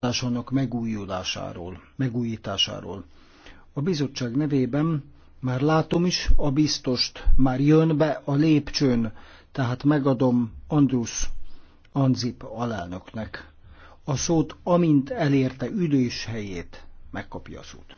hatásának megújulásáról, megújításáról. A bizottság nevében már látom is, a biztost már jön be a lépcsőn, tehát megadom Andrus Anzip alelnöknek. A szót, amint elérte üdős helyét, megkapja a szót.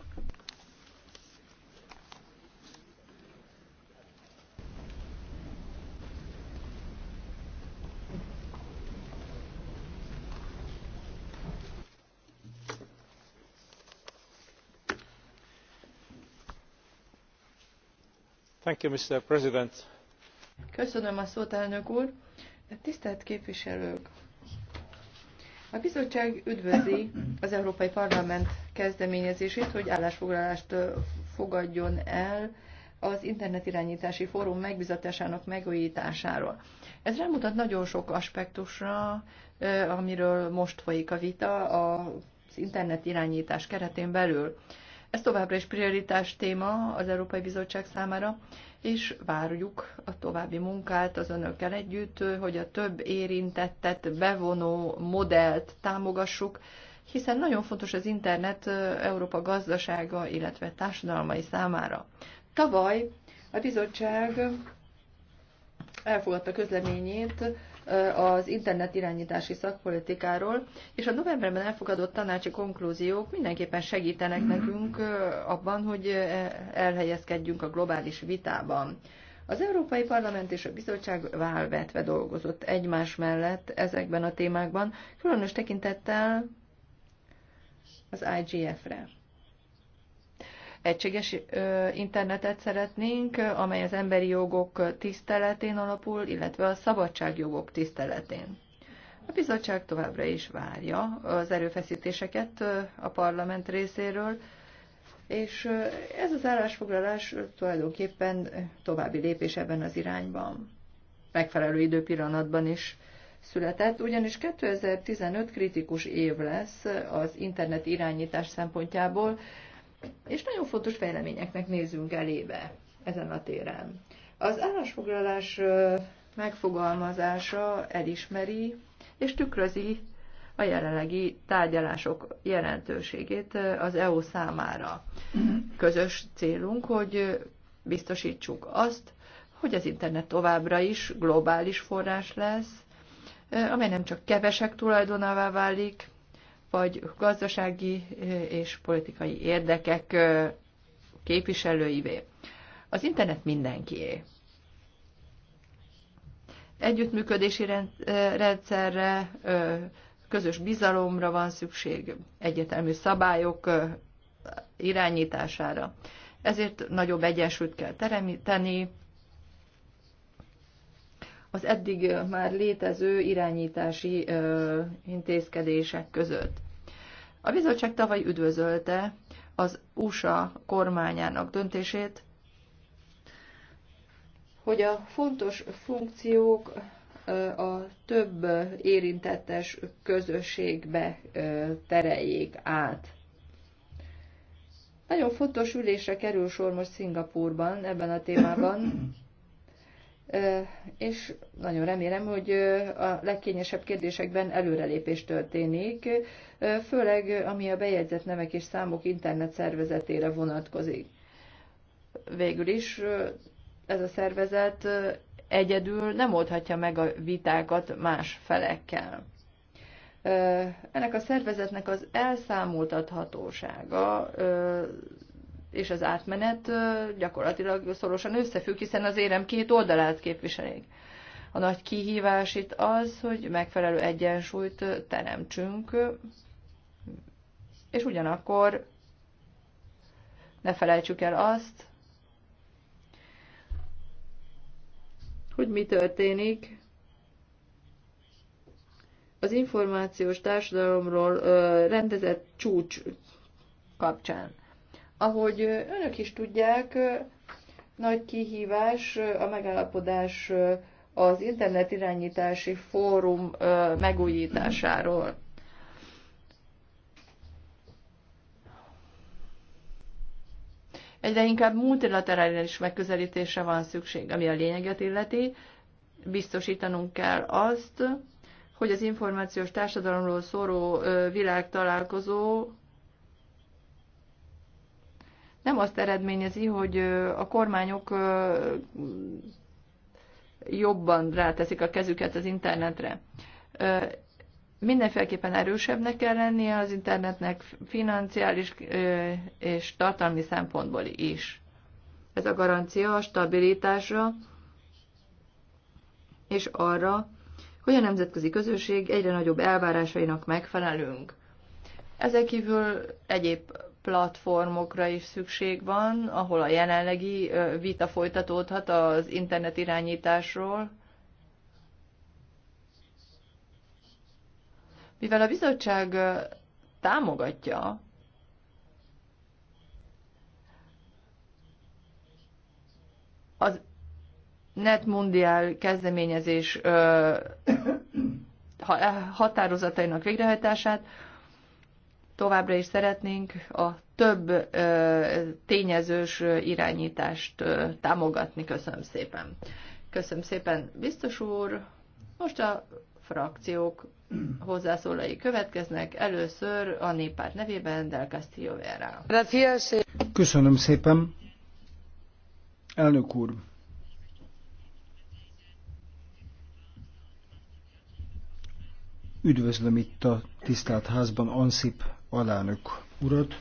Mr. President. Köszönöm a szót, elnök úr. Tisztelt képviselők! A bizottság üdvözli az Európai Parlament kezdeményezését, hogy állásfoglalást fogadjon el az internetirányítási fórum megbizatásának megújításáról. Ez rámutat nagyon sok aspektusra, amiről most folyik a vita az internetirányítás keretén belül. Ez továbbra is prioritás téma az Európai Bizottság számára, és várjuk a további munkát az önökkel együtt, hogy a több érintettet bevonó modellt támogassuk, hiszen nagyon fontos az internet Európa gazdasága, illetve társadalmai számára. Tavaly a bizottság elfogadta közleményét az internet irányítási szakpolitikáról, és a novemberben elfogadott tanácsi konklúziók mindenképpen segítenek nekünk abban, hogy elhelyezkedjünk a globális vitában. Az Európai Parlament és a Bizottság válvetve dolgozott egymás mellett ezekben a témákban, különös tekintettel az IGF-re. Egységes internetet szeretnénk, amely az emberi jogok tiszteletén alapul, illetve a szabadságjogok tiszteletén. A bizottság továbbra is várja az erőfeszítéseket a parlament részéről, és ez az állásfoglalás tulajdonképpen további lépés ebben az irányban. Megfelelő időpillanatban is született, ugyanis 2015 kritikus év lesz az internet irányítás szempontjából, és nagyon fontos fejleményeknek nézünk elébe ezen a téren. Az állásfoglalás megfogalmazása elismeri és tükrözi a jelenlegi tárgyalások jelentőségét az EU számára. Közös célunk, hogy biztosítsuk azt, hogy az internet továbbra is globális forrás lesz, amely nem csak kevesek tulajdonává válik, vagy gazdasági és politikai érdekek képviselőivé. Az internet mindenkié. Együttműködési rendszerre, közös bizalomra van szükség, egyetemű szabályok irányítására. Ezért nagyobb egyensúlyt kell teremteni az eddig már létező irányítási intézkedések között. A bizottság tavaly üdvözölte az USA kormányának döntését, hogy a fontos funkciók a több érintettes közösségbe tereljék át. Nagyon fontos ülésre kerül sor most Szingapurban ebben a témában, és nagyon remélem, hogy a legkényesebb kérdésekben előrelépés történik, főleg ami a bejegyzett nevek és számok internet szervezetére vonatkozik. Végül is ez a szervezet egyedül nem oldhatja meg a vitákat más felekkel. Ennek a szervezetnek az elszámoltathatósága és az átmenet gyakorlatilag szorosan összefügg, hiszen az érem két oldalát képviselik. A nagy kihívás itt az, hogy megfelelő egyensúlyt teremtsünk, és ugyanakkor ne felejtsük el azt, hogy mi történik az információs társadalomról rendezett csúcs kapcsán. Ahogy önök is tudják, nagy kihívás a megállapodás az internet irányítási fórum megújításáról. Egyre inkább multilaterális megközelítésre van szükség, ami a lényeget illeti. Biztosítanunk kell azt, hogy az információs társadalomról szóró világtalálkozó nem azt eredményezi, hogy a kormányok jobban ráteszik a kezüket az internetre. Mindenféleképpen erősebbnek kell lennie az internetnek financiális és tartalmi szempontból is. Ez a garancia a stabilitásra és arra, hogy a nemzetközi közösség egyre nagyobb elvárásainak megfelelünk. Ezek kívül egyéb platformokra is szükség van, ahol a jelenlegi vita folytatódhat az internet irányításról. Mivel a bizottság támogatja az Net Mundial kezdeményezés határozatainak végrehajtását, továbbra is szeretnénk a több tényezős irányítást támogatni. Köszönöm szépen. Köszönöm szépen, biztos úr. Most a frakciók hozzászólai következnek. Először a néppárt nevében Del Castillo Vera. Köszönöm szépen. Elnök úr, üdvözlöm itt a tisztelt házban Ansip alánök urat.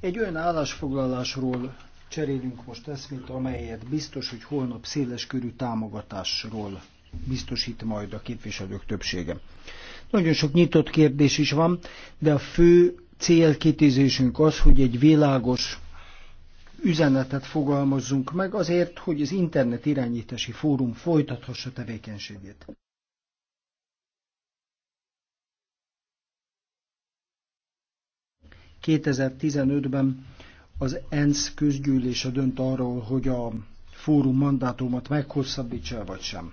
Egy olyan állásfoglalásról cserélünk most eszmét, amelyet biztos, hogy holnap széleskörű körű támogatásról biztosít majd a képviselők többsége. Nagyon sok nyitott kérdés is van, de a fő célkitűzésünk az, hogy egy világos üzenetet fogalmazzunk meg azért, hogy az internet irányítási fórum folytathassa tevékenységét. 2015-ben az ENSZ közgyűlése dönt arról, hogy a fórum mandátumot meghosszabbítsa vagy sem.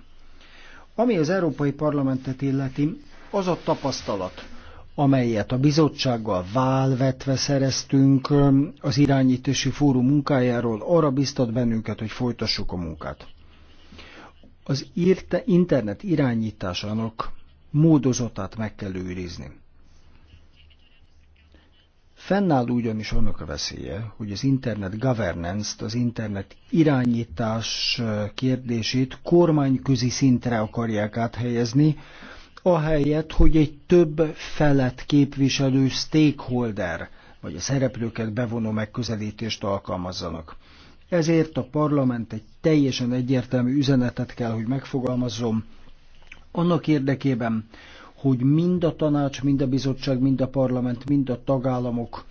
Ami az Európai Parlamentet illeti, az a tapasztalat, amelyet a bizottsággal válvetve szereztünk az irányítási fórum munkájáról, arra biztat bennünket, hogy folytassuk a munkát. Az internet irányításának módozatát meg kell őrizni. Fennáll ugyanis annak a veszélye, hogy az internet governance-t, az internet irányítás kérdését kormányközi szintre akarják áthelyezni, ahelyett, hogy egy több felett képviselő stakeholder vagy a szereplőket bevonó megközelítést alkalmazzanak. Ezért a parlament egy teljesen egyértelmű üzenetet kell, hogy megfogalmazzon, annak érdekében, hogy mind a tanács, mind a bizottság, mind a parlament, mind a tagállamok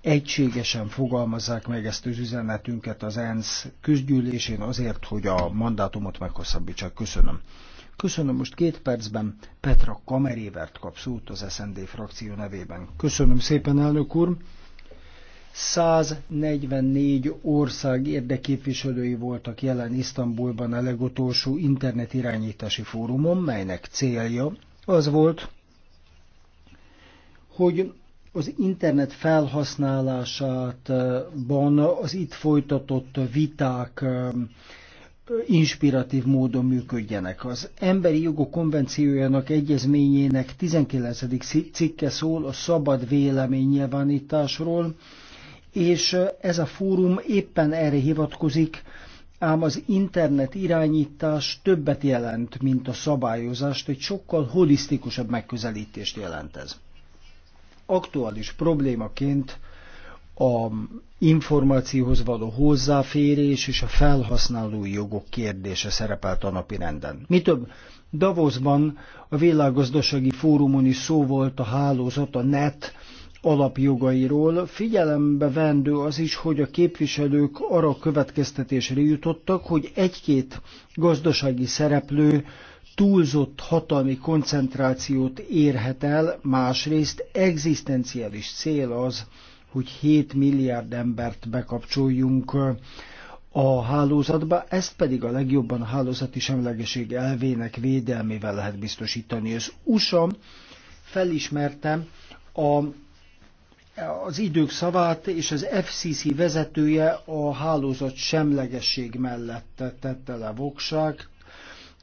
egységesen fogalmazzák meg ezt az üzenetünket az ENSZ közgyűlésén azért, hogy a mandátumot meghosszabbítsák. Köszönöm. Köszönöm most két percben Petra Kamerévert kap szót az SND frakció nevében. Köszönöm szépen, elnök úr! 144 ország érdeképviselői voltak jelen Isztambulban a legutolsó internetirányítási fórumon, melynek célja az volt, hogy az internet felhasználásában az itt folytatott viták inspiratív módon működjenek. Az Emberi Jogok Konvenciójának egyezményének 19. cikke szól a szabad nyilvánításról, és ez a fórum éppen erre hivatkozik, ám az internet irányítás többet jelent, mint a szabályozást, egy sokkal holisztikusabb megközelítést jelent ez. Aktuális problémaként a információhoz való hozzáférés és a felhasználói jogok kérdése szerepelt a napi renden. Mi több, Davosban a világgazdasági fórumon is szó volt a hálózat, a net alapjogairól. Figyelembe vendő az is, hogy a képviselők arra következtetésre jutottak, hogy egy-két gazdasági szereplő túlzott hatalmi koncentrációt érhet el, másrészt egzisztenciális cél az, hogy 7 milliárd embert bekapcsoljunk a hálózatba, ezt pedig a legjobban a hálózati semlegeség elvének védelmével lehet biztosítani. Az USA felismerte a az idők szavát, és az FCC vezetője a hálózat semlegesség mellett tette le vokság,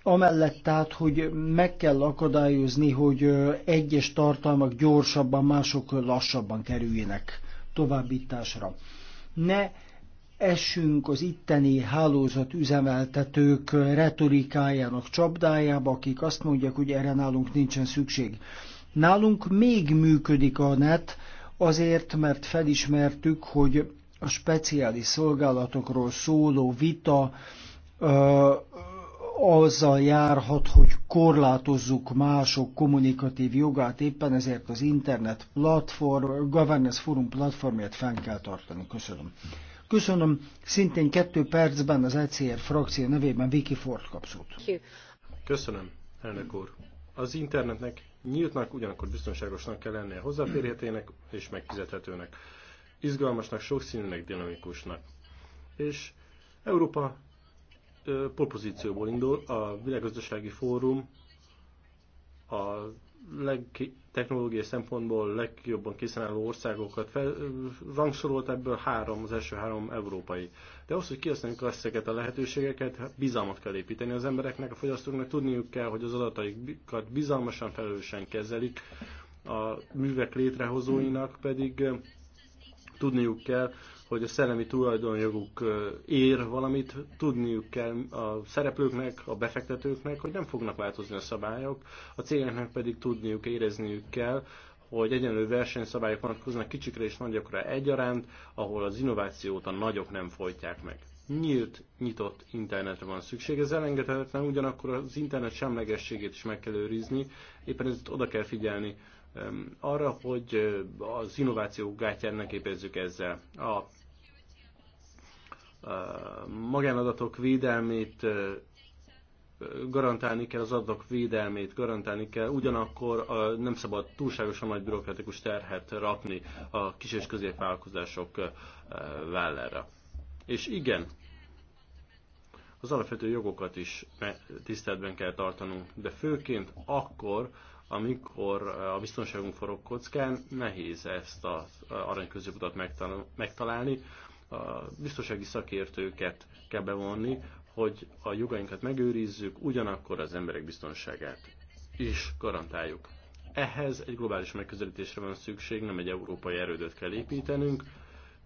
amellett tehát, hogy meg kell akadályozni, hogy egyes tartalmak gyorsabban, mások lassabban kerüljenek továbbításra. Ne essünk az itteni hálózat üzemeltetők retorikájának csapdájába, akik azt mondják, hogy erre nálunk nincsen szükség. Nálunk még működik a net, azért, mert felismertük, hogy a speciális szolgálatokról szóló vita ö, azzal járhat, hogy korlátozzuk mások kommunikatív jogát, éppen ezért az internet platform, governance forum platformját fenn kell tartani. Köszönöm. Köszönöm. Szintén kettő percben az ECR frakció nevében Viki Ford kapszót. Köszönöm, elnök úr. Az internetnek nyíltnak, ugyanakkor biztonságosnak kell lennie hozzáférhetőnek és megfizethetőnek, izgalmasnak, sokszínűnek, dinamikusnak. És Európa polpozícióból indul, a világgazdasági fórum a leg, technológiai szempontból legjobban kiszálló országokat fel, rangsorolt, ebből három, az első három európai. De ahhoz, hogy kihasználjuk ezeket a lehetőségeket, bizalmat kell építeni az embereknek, a fogyasztóknak tudniuk kell, hogy az adataikat bizalmasan, felelősen kezelik, a művek létrehozóinak pedig tudniuk kell, hogy a szellemi tulajdonjoguk ér valamit, tudniuk kell a szereplőknek, a befektetőknek, hogy nem fognak változni a szabályok, a cégeknek pedig tudniuk, érezniük kell, hogy egyenlő versenyszabályok vonatkoznak kicsikre és nagyokra egyaránt, ahol az innovációt a nagyok nem folytják meg. Nyílt, nyitott internetre van szükség, ez elengedhetetlen, ugyanakkor az internet semlegességét is meg kell őrizni, éppen ezért oda kell figyelni arra, hogy az innováció gátját ne képezzük ezzel. A magánadatok védelmét garantálni kell, az adatok védelmét garantálni kell, ugyanakkor nem szabad túlságosan nagy bürokratikus terhet rakni a kis és középvállalkozások vállára. És igen, az alapvető jogokat is tiszteletben kell tartanunk, de főként akkor, amikor a biztonságunk forog kockán, nehéz ezt az arany megtalálni a biztonsági szakértőket kell bevonni, hogy a jogainkat megőrizzük, ugyanakkor az emberek biztonságát is garantáljuk. Ehhez egy globális megközelítésre van szükség, nem egy európai erődöt kell építenünk,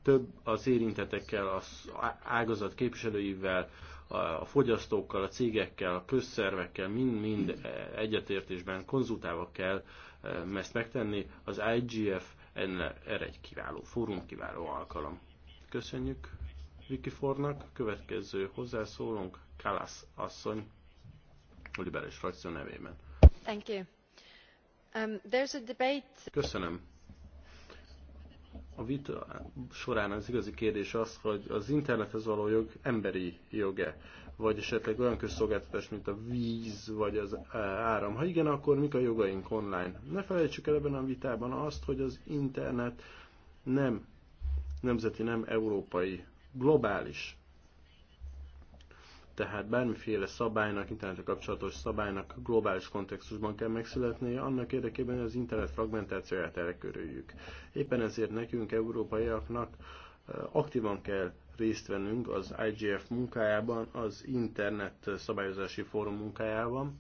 több az érintetekkel, az ágazat képviselőivel, a fogyasztókkal, a cégekkel, a közszervekkel mind-mind egyetértésben konzultálva kell e, ezt megtenni. Az IGF erre egy kiváló fórum, kiváló alkalom. Köszönjük Wikifornak. Következő hozzászólónk Kalász asszony, a liberális frakció nevében. Thank you. Um, there's a debate... Köszönöm. A vita során az igazi kérdés az, hogy az internethez való jog emberi joge, vagy esetleg olyan közszolgáltatás, mint a víz, vagy az eh, áram. Ha igen, akkor mik a jogaink online? Ne felejtsük el ebben a vitában azt, hogy az internet nem nemzeti, nem európai, globális. Tehát bármiféle szabálynak, internetre kapcsolatos szabálynak globális kontextusban kell megszületnie, annak érdekében, hogy az internet fragmentációját elkerüljük. Éppen ezért nekünk, európaiaknak aktívan kell részt vennünk az IGF munkájában, az internet szabályozási fórum munkájában.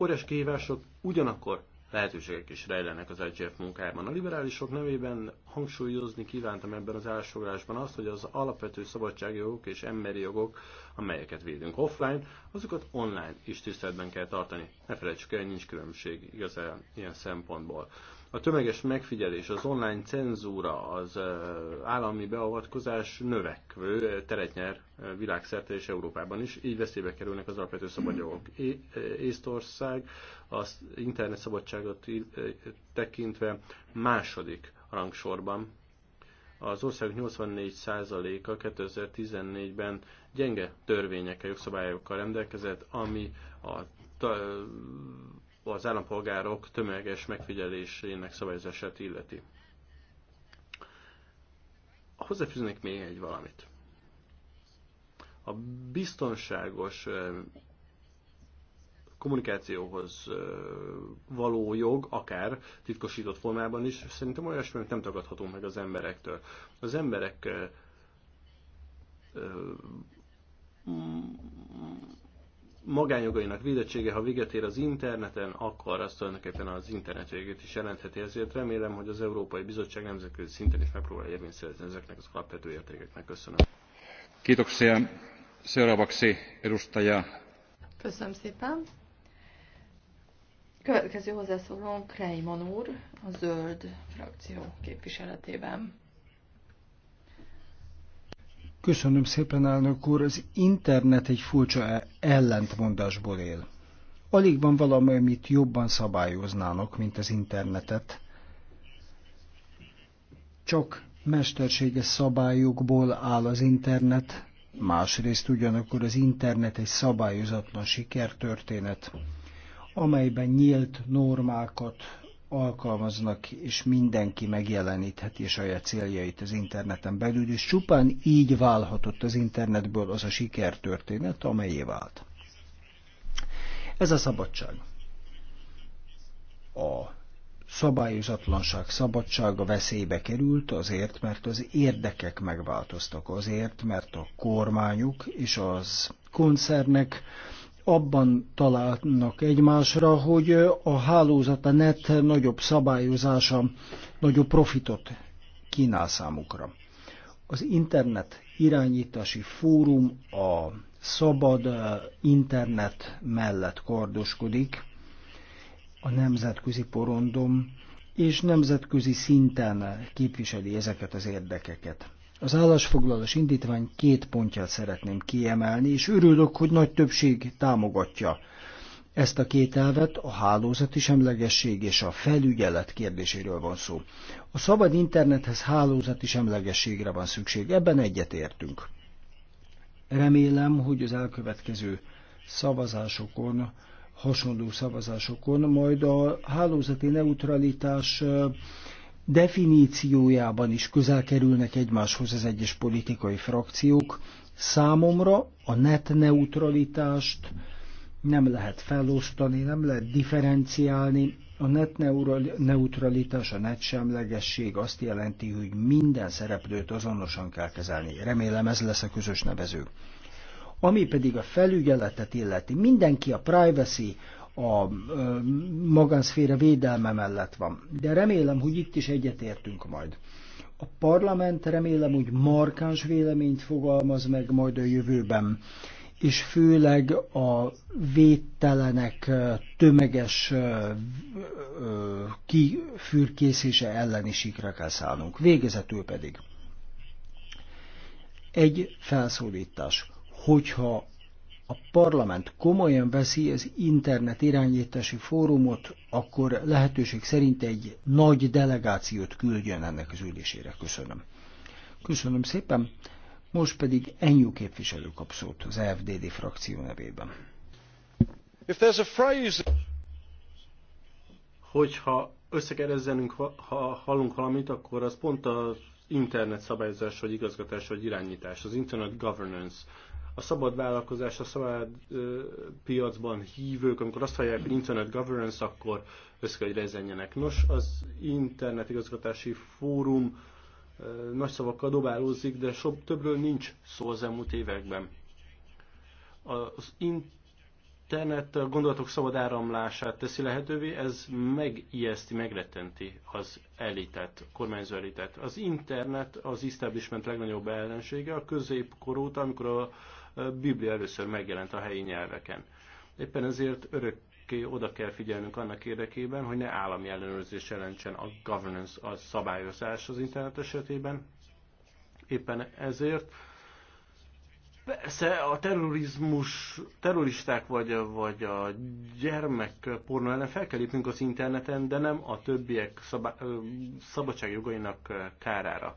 Óriás kihívások ugyanakkor lehetőségek is rejlenek az IGF munkájában. A liberálisok nevében hangsúlyozni kívántam ebben az állásfoglalásban azt, hogy az alapvető szabadságjogok és emberi jogok, amelyeket védünk offline, azokat online is tiszteletben kell tartani. Ne felejtsük el, nincs különbség igazán ilyen szempontból. A tömeges megfigyelés, az online cenzúra, az állami beavatkozás növekvő teret nyer világszerte és Európában is, így veszélybe kerülnek az alapvető szabadjogok. Észtország az internet szabadságot tekintve második rangsorban az ország 84%-a 2014-ben gyenge törvényekkel, jogszabályokkal rendelkezett, ami a az állampolgárok tömeges megfigyelésének szabályozását illeti. Hozzáfűznék még egy valamit. A biztonságos kommunikációhoz való jog, akár titkosított formában is, szerintem olyasmi, amit nem tagadhatunk meg az emberektől. Az emberek magánjogainak védettsége, ha véget ér az interneten, akkor azt tulajdonképpen az internet végét is jelentheti. Ezért remélem, hogy az Európai Bizottság nemzetközi szinten is megpróbál érvényszerezni ezeknek az alapvető értékeknek. Köszönöm. Kiitoksia. Seuraavaksi edustaja. Köszönöm szépen. Következő hozzászólónk Kreiman úr, a Zöld frakció képviseletében. Köszönöm szépen, elnök úr. Az internet egy furcsa ellentmondásból él. Alig van valami, amit jobban szabályoznának, mint az internetet. Csak mesterséges szabályokból áll az internet, másrészt ugyanakkor az internet egy szabályozatlan sikertörténet, amelyben nyílt normákat, alkalmaznak, és mindenki megjelenítheti saját céljait az interneten belül, és csupán így válhatott az internetből az a sikertörténet, amelyé vált. Ez a szabadság. A szabályozatlanság szabadsága veszélybe került azért, mert az érdekek megváltoztak, azért, mert a kormányuk és az koncernek abban találnak egymásra, hogy a hálózat, a net nagyobb szabályozása, nagyobb profitot kínál számukra. Az internet irányítási fórum a szabad internet mellett kardoskodik a nemzetközi porondom, és nemzetközi szinten képviseli ezeket az érdekeket. Az állásfoglalás indítvány két pontját szeretném kiemelni, és örülök, hogy nagy többség támogatja ezt a két elvet, a hálózati semlegesség és a felügyelet kérdéséről van szó. A szabad internethez hálózati semlegességre van szükség, ebben egyetértünk. Remélem, hogy az elkövetkező szavazásokon, hasonló szavazásokon majd a hálózati neutralitás definíciójában is közel kerülnek egymáshoz az egyes politikai frakciók. Számomra a net neutralitást nem lehet felosztani, nem lehet differenciálni. A net neutralitás, a net semlegesség azt jelenti, hogy minden szereplőt azonosan kell kezelni. Remélem ez lesz a közös nevező. Ami pedig a felügyeletet illeti, mindenki a privacy, a magánszféra védelme mellett van. De remélem, hogy itt is egyetértünk majd. A parlament remélem, hogy markáns véleményt fogalmaz meg majd a jövőben, és főleg a védtelenek tömeges kifürkészése ellen is ikra kell szállnunk. Végezetül pedig egy felszólítás. Hogyha a parlament komolyan veszi az internet irányítási fórumot, akkor lehetőség szerint egy nagy delegációt küldjön ennek az ülésére. Köszönöm. Köszönöm szépen. Most pedig Enyú képviselő kap szót az FDD frakció nevében. If there's a phrase... Hogyha összekerezzenünk, ha hallunk valamit, akkor az pont az internet szabályozás, vagy igazgatás, vagy irányítás, az internet governance a szabad vállalkozás, a szabad ö, piacban hívők, amikor azt hallják, hogy Internet Governance, akkor össze kell, hogy rezenjenek. Nos, az Internet Igazgatási Fórum ö, nagy szavakkal dobálózik, de sok többről nincs szó az elmúlt években. Az internet a gondolatok szabad áramlását teszi lehetővé, ez megijeszti, megretenti az elitet, kormányzó elitet. Az internet az establishment legnagyobb ellensége a középkor óta, amikor a Biblia először megjelent a helyi nyelveken. Éppen ezért örökké oda kell figyelnünk annak érdekében, hogy ne állami ellenőrzés jelentsen a governance, a szabályozás az internet esetében. Éppen ezért Persze a terrorizmus, terroristák vagy, a, vagy a gyermekpornó ellen fel kell lépnünk az interneten, de nem a többiek szabadságjogainak kárára.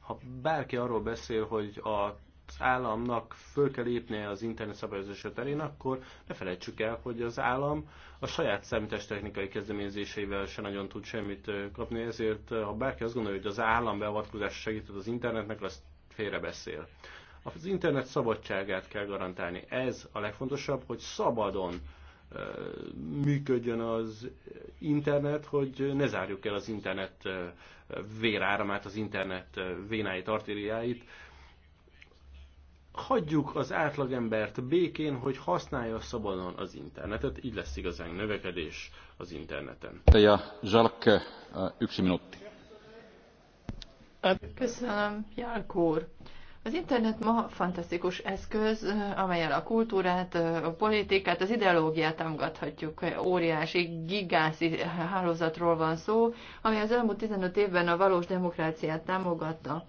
Ha bárki arról beszél, hogy a államnak föl kell lépnie az internet szabályozása terén, akkor ne felejtsük el, hogy az állam a saját számítástechnikai kezdeményezéseivel se nagyon tud semmit kapni, ezért ha bárki azt gondolja, hogy az állam beavatkozása segített az internetnek, azt félrebeszél. Az internet szabadságát kell garantálni. Ez a legfontosabb, hogy szabadon működjön az internet, hogy ne zárjuk el az internet véráramát, az internet vénáit, artériáit hagyjuk az átlagembert békén, hogy használja szabadon az internetet, így lesz igazán növekedés az interneten. Zsalk, eh, Köszönöm, Jálk úr. Az internet ma fantasztikus eszköz, eh, amelyel a kultúrát, eh, a politikát, az ideológiát támogathatjuk. Óriási, gigászi hálózatról van szó, ami az elmúlt 15 évben a valós demokráciát támogatta.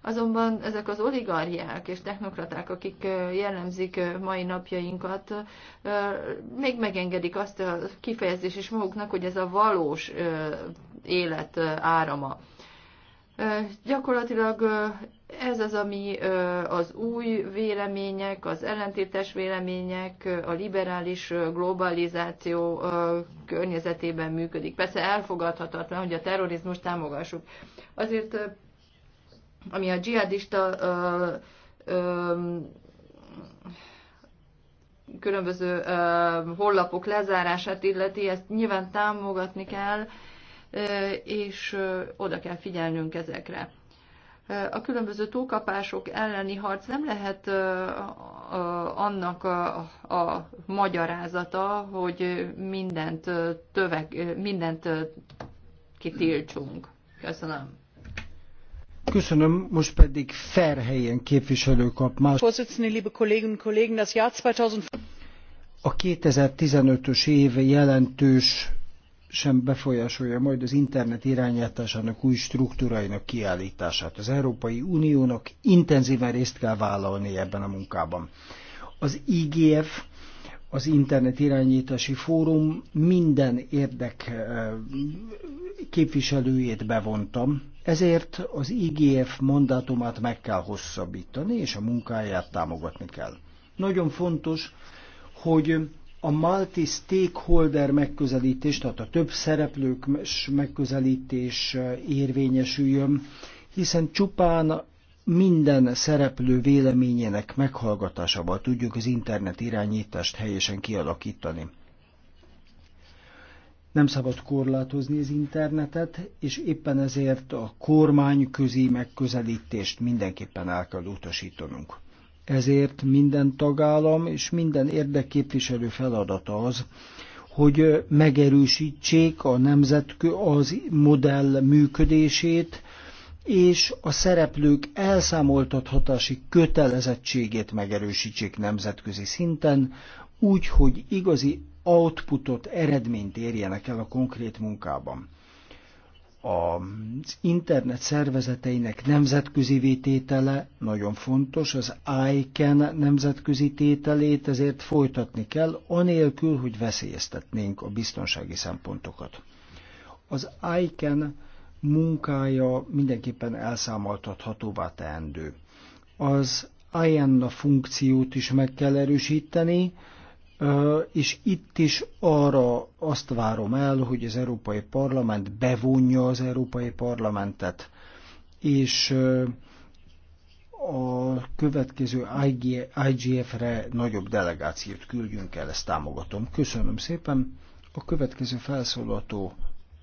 Azonban ezek az oligarchiák és technokraták, akik jellemzik mai napjainkat, még megengedik azt a kifejezés is maguknak, hogy ez a valós élet árama. Gyakorlatilag ez az, ami az új vélemények, az ellentétes vélemények, a liberális globalizáció környezetében működik. Persze elfogadhatatlan, hogy a terrorizmus támogassuk. Azért ami a dzsihadista ö, ö, különböző ö, hollapok lezárását illeti, ezt nyilván támogatni kell, ö, és ö, oda kell figyelnünk ezekre. A különböző túlkapások elleni harc nem lehet ö, ö, annak a, a magyarázata, hogy mindent, töveg, mindent kitiltsunk. Köszönöm. Köszönöm, most pedig Ferhelyen képviselő kap más. A 2015-ös év jelentős sem befolyásolja majd az internet irányításának új struktúrainak kiállítását. Az Európai Uniónak intenzíven részt kell vállalni ebben a munkában. Az IGF, az Internet Irányítási Fórum minden érdek eh, képviselőjét bevontam, ezért az IGF mandátumát meg kell hosszabbítani, és a munkáját támogatni kell. Nagyon fontos, hogy a multi-stakeholder megközelítés, tehát a több szereplők megközelítés érvényesüljön, hiszen csupán minden szereplő véleményének meghallgatásával tudjuk az internet irányítást helyesen kialakítani nem szabad korlátozni az internetet, és éppen ezért a kormány közi megközelítést mindenképpen el kell utasítanunk. Ezért minden tagállam és minden érdekképviselő feladata az, hogy megerősítsék a nemzetkő az modell működését, és a szereplők elszámoltathatási kötelezettségét megerősítsék nemzetközi szinten, úgy, hogy igazi outputot, eredményt érjenek el a konkrét munkában. Az internet szervezeteinek nemzetközi vététele nagyon fontos, az ICANN nemzetközi tételét ezért folytatni kell, anélkül, hogy veszélyeztetnénk a biztonsági szempontokat. Az ICANN munkája mindenképpen elszámoltathatóvá teendő. Az IANNA funkciót is meg kell erősíteni, és itt is arra azt várom el, hogy az Európai Parlament bevonja az Európai Parlamentet, és a következő IGF-re nagyobb delegációt küldjünk el, ezt támogatom. Köszönöm szépen. A következő felszólaltó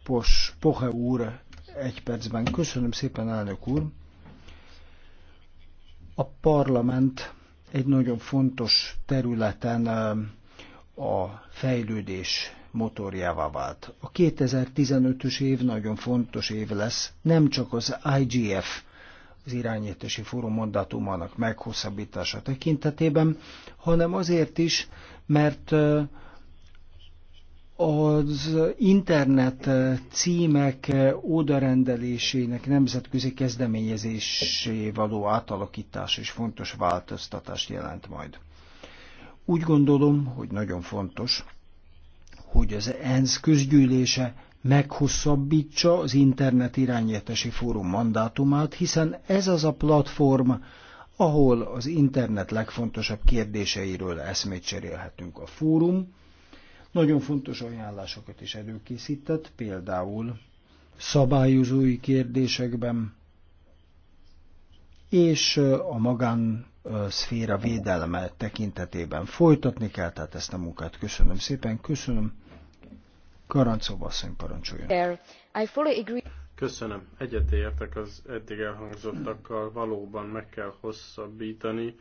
Pos, Pohe úr egy percben. Köszönöm szépen, elnök úr. A parlament egy nagyon fontos területen a fejlődés motorjává vált. A 2015-ös év nagyon fontos év lesz, nem csak az IGF, az irányítási fórum mandátumának meghosszabbítása tekintetében, hanem azért is, mert az internet címek ódarendelésének nemzetközi kezdeményezésé való átalakítás és fontos változtatást jelent majd. Úgy gondolom, hogy nagyon fontos, hogy az ENSZ közgyűlése meghosszabbítsa az internet irányítási fórum mandátumát, hiszen ez az a platform, ahol az internet legfontosabb kérdéseiről eszmét cserélhetünk a fórum. Nagyon fontos ajánlásokat is előkészített, például szabályozói kérdésekben, és a magán szféra védelme tekintetében folytatni kell, tehát ezt a munkát köszönöm szépen, köszönöm. Karancóba asszony parancsoljon. Köszönöm. Egyetértek az eddig elhangzottakkal, valóban meg kell hosszabbítani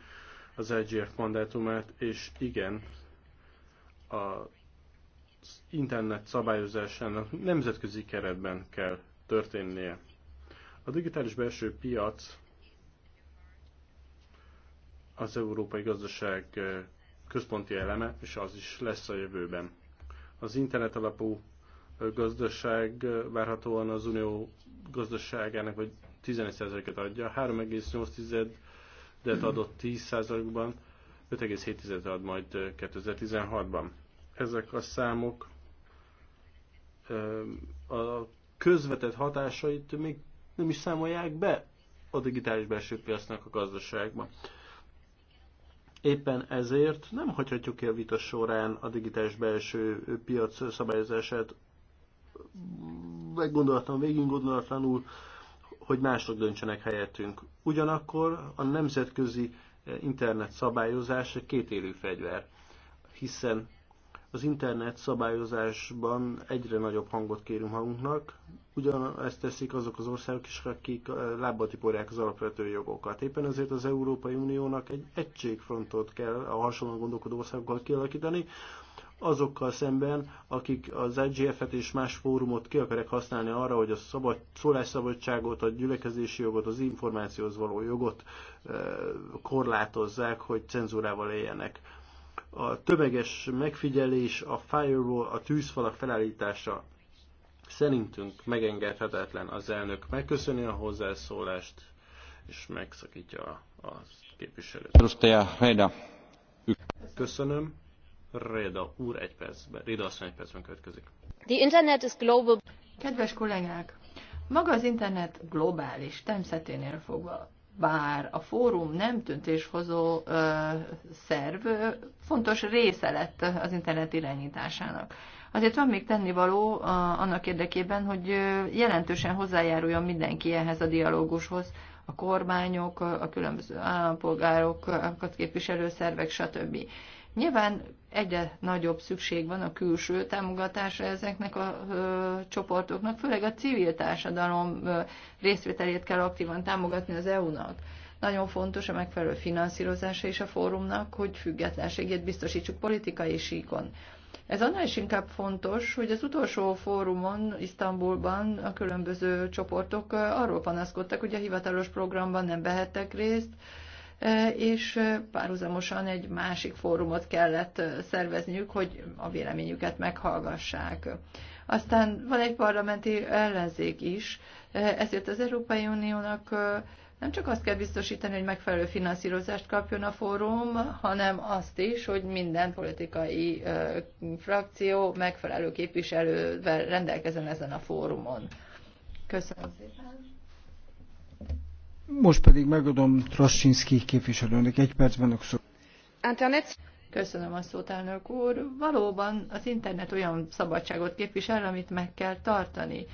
az LGF mandátumát, és igen, a internet szabályozásának nemzetközi keretben kell történnie. A digitális belső piac az európai gazdaság eh, központi eleme, és az is lesz a jövőben. Az internet alapú eh, gazdaság eh, várhatóan az unió gazdaságának vagy 11%-et adja, 3,8-et adott 10%-ban, 5,7-et ad majd 2016-ban. Ezek a számok a közvetett hatásait még nem is számolják be a digitális belső piacnak a gazdaságban. Éppen ezért nem hagyhatjuk ki a vita során a digitális belső piac szabályozását meggondolatlan, végig gondolatlanul, hogy mások döntsenek helyettünk. Ugyanakkor a nemzetközi internet szabályozása élő fegyver, hiszen az internet szabályozásban egyre nagyobb hangot kérünk magunknak, ezt teszik azok az országok is, akik lábba tiporják az alapvető jogokat. Éppen ezért az Európai Uniónak egy egységfrontot kell a hasonlóan gondolkodó országokkal kialakítani, azokkal szemben, akik az IGF-et és más fórumot ki akarják használni arra, hogy a szabad, szólásszabadságot, a gyülekezési jogot, az információhoz való jogot korlátozzák, hogy cenzúrával éljenek a tömeges megfigyelés, a firewall, a tűzfalak felállítása szerintünk megengedhetetlen az elnök. Megköszöni a hozzászólást, és megszakítja a, képviselőt. Köszönöm. Réda úr egy percben, Réda asszony egy percben következik. The internet is global. Kedves kollégák, maga az internet globális, természeténél fogva bár a fórum nem döntéshozó ö, szerv, fontos része lett az internet irányításának. Azért van még tennivaló annak érdekében, hogy jelentősen hozzájáruljon mindenki ehhez a dialógushoz, a kormányok, a különböző állampolgárokat képviselő szervek, stb. Nyilván egyre nagyobb szükség van a külső támogatásra ezeknek a ö, csoportoknak, főleg a civil társadalom ö, részvételét kell aktívan támogatni az EU-nak. Nagyon fontos a megfelelő finanszírozása is a fórumnak, hogy függetlenségét biztosítsuk politikai síkon. Ez annál is inkább fontos, hogy az utolsó fórumon, Isztambulban a különböző csoportok arról panaszkodtak, hogy a hivatalos programban nem vehettek részt, és párhuzamosan egy másik fórumot kellett szervezniük, hogy a véleményüket meghallgassák. Aztán van egy parlamenti ellenzék is, ezért az Európai Uniónak nem csak azt kell biztosítani, hogy megfelelő finanszírozást kapjon a fórum, hanem azt is, hogy minden politikai frakció megfelelő képviselővel rendelkezzen ezen a fórumon. Köszönöm szépen! Most pedig megadom Trassinszki képviselőnek egy percben a szó. Internet. Köszönöm a szót, elnök úr. Valóban az internet olyan szabadságot képvisel, amit meg kell tartani.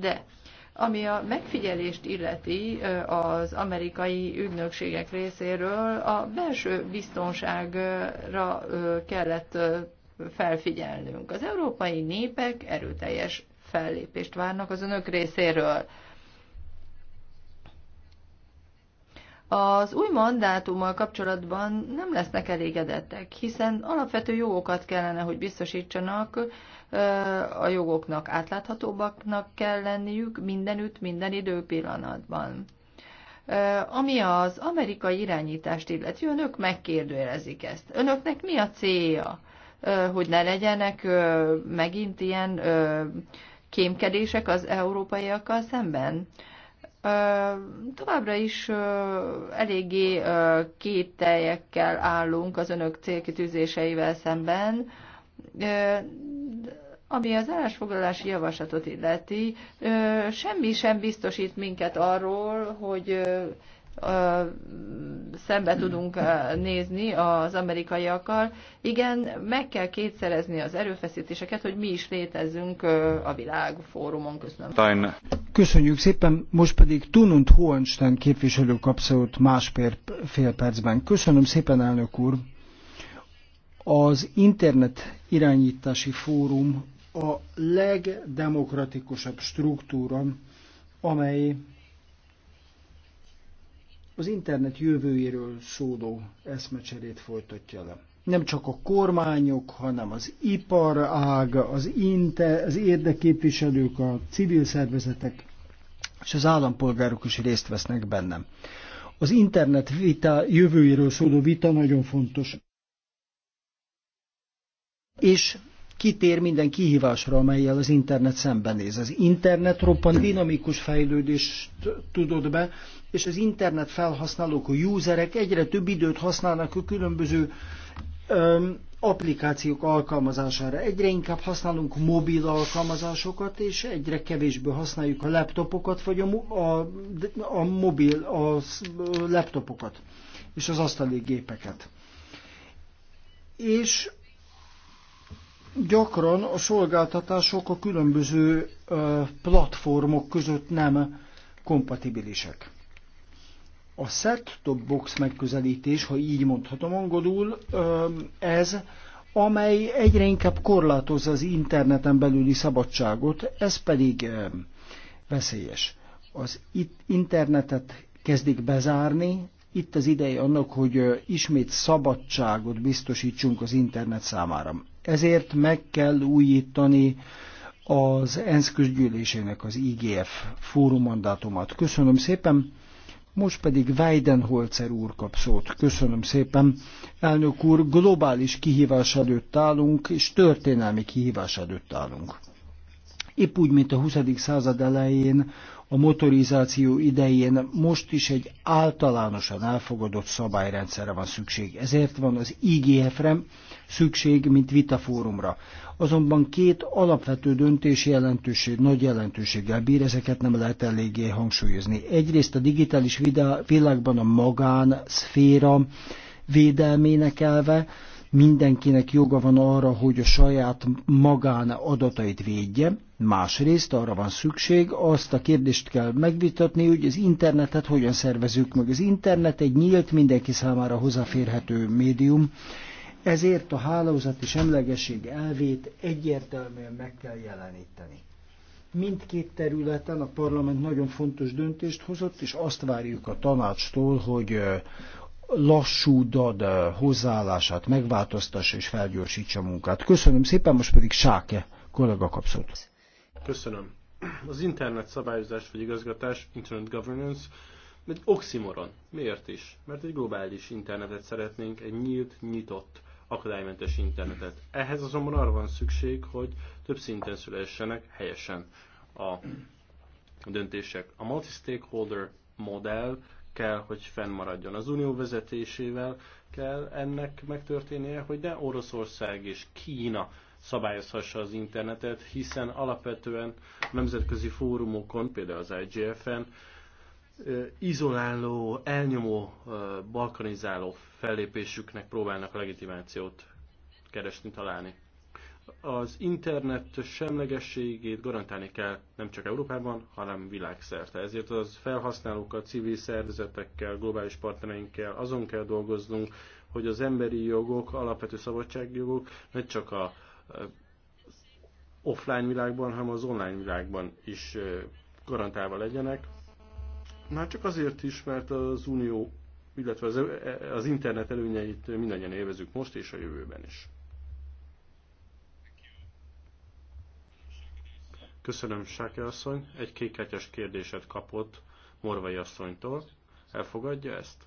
De ami a megfigyelést illeti az amerikai ügynökségek részéről, a belső biztonságra kellett felfigyelnünk. Az európai népek erőteljes fellépést várnak az önök részéről. az új mandátummal kapcsolatban nem lesznek elégedettek, hiszen alapvető jogokat kellene, hogy biztosítsanak, a jogoknak átláthatóbbaknak kell lenniük mindenütt, minden időpillanatban. Ami az amerikai irányítást illeti, önök megkérdőjelezik ezt. Önöknek mi a célja, hogy ne legyenek megint ilyen kémkedések az európaiakkal szemben? továbbra is eléggé teljekkel állunk az önök célkitűzéseivel szemben, ami az állásfoglalási javaslatot illeti, semmi sem biztosít minket arról, hogy szembe tudunk nézni az amerikaiakkal. Igen, meg kell kétszerezni az erőfeszítéseket, hogy mi is létezzünk a világ fórumon. Köszönöm. Tain. Köszönjük szépen, most pedig Tunund Hohenstein képviselő más másfél percben. Köszönöm szépen, elnök úr. Az internet irányítási fórum a legdemokratikusabb struktúra, amely az internet jövőjéről szóló eszmecserét folytatja le. Nem csak a kormányok, hanem az iparág, az, inter, az érdeképviselők, a civil szervezetek és az állampolgárok is részt vesznek bennem. Az internet vita, jövőjéről szóló vita nagyon fontos. És kitér minden kihívásra, amelyel az internet szembenéz. Az internet roppan dinamikus fejlődést tudod be, és az internet felhasználók, a userek egyre több időt használnak a különböző öm, applikációk alkalmazására. Egyre inkább használunk mobil alkalmazásokat, és egyre kevésbé használjuk a laptopokat, vagy a, a, a mobil, a laptopokat, és az asztali gépeket. És Gyakran a szolgáltatások a különböző platformok között nem kompatibilisek. A set-top box megközelítés, ha így mondhatom angolul, ez, amely egyre inkább korlátozza az interneten belüli szabadságot, ez pedig veszélyes. Az internetet kezdik bezárni, itt az ideje annak, hogy ismét szabadságot biztosítsunk az internet számára. Ezért meg kell újítani az ENSZ közgyűlésének az IGF fórumandátumát. Köszönöm szépen! Most pedig Weidenholzer úr kap szót. Köszönöm szépen. Elnök úr, globális kihívás előtt állunk, és történelmi kihívás előtt állunk. Épp úgy, mint a 20. század elején a motorizáció idején most is egy általánosan elfogadott szabályrendszerre van szükség. Ezért van az IGF-re szükség, mint vitafórumra. Azonban két alapvető döntés jelentőség, nagy jelentőséggel bír, ezeket nem lehet eléggé hangsúlyozni. Egyrészt a digitális világban a magán szféra védelmének elve, mindenkinek joga van arra, hogy a saját magán adatait védje, Másrészt arra van szükség, azt a kérdést kell megvitatni, hogy az internetet hogyan szervezünk meg. Az internet egy nyílt, mindenki számára hozzáférhető médium, ezért a hálózati semlegesség elvét egyértelműen meg kell jeleníteni. Mindkét területen a parlament nagyon fontos döntést hozott, és azt várjuk a tanácstól, hogy lassú dad hozzáállását megváltoztassa és felgyorsítsa a munkát. Köszönöm szépen, most pedig Sáke kollega kapszott. Köszönöm. Az internet szabályozás vagy igazgatás, internet governance, egy oximoron. Miért is? Mert egy globális internetet szeretnénk, egy nyílt, nyitott, akadálymentes internetet. Ehhez azonban arra van szükség, hogy több szinten szülessenek helyesen a döntések. A multi-stakeholder modell kell, hogy fennmaradjon. Az unió vezetésével kell ennek megtörténnie, hogy ne Oroszország és Kína szabályozhassa az internetet, hiszen alapvetően a nemzetközi fórumokon, például az IGF-en, izoláló, elnyomó, balkanizáló fellépésüknek próbálnak a legitimációt keresni, találni. Az internet semlegességét garantálni kell nem csak Európában, hanem világszerte. Ezért az felhasználókkal, civil szervezetekkel, globális partnereinkkel azon kell dolgoznunk, hogy az emberi jogok, alapvető szabadságjogok ne csak a offline világban, hanem az online világban is garantálva legyenek. Már csak azért is, mert az Unió, illetve az, e, az internet előnyeit mindannyian élvezünk most és a jövőben is. Köszönöm, Sáke asszony. Egy kékhetyes kérdéset kapott Morvai asszonytól. Elfogadja ezt?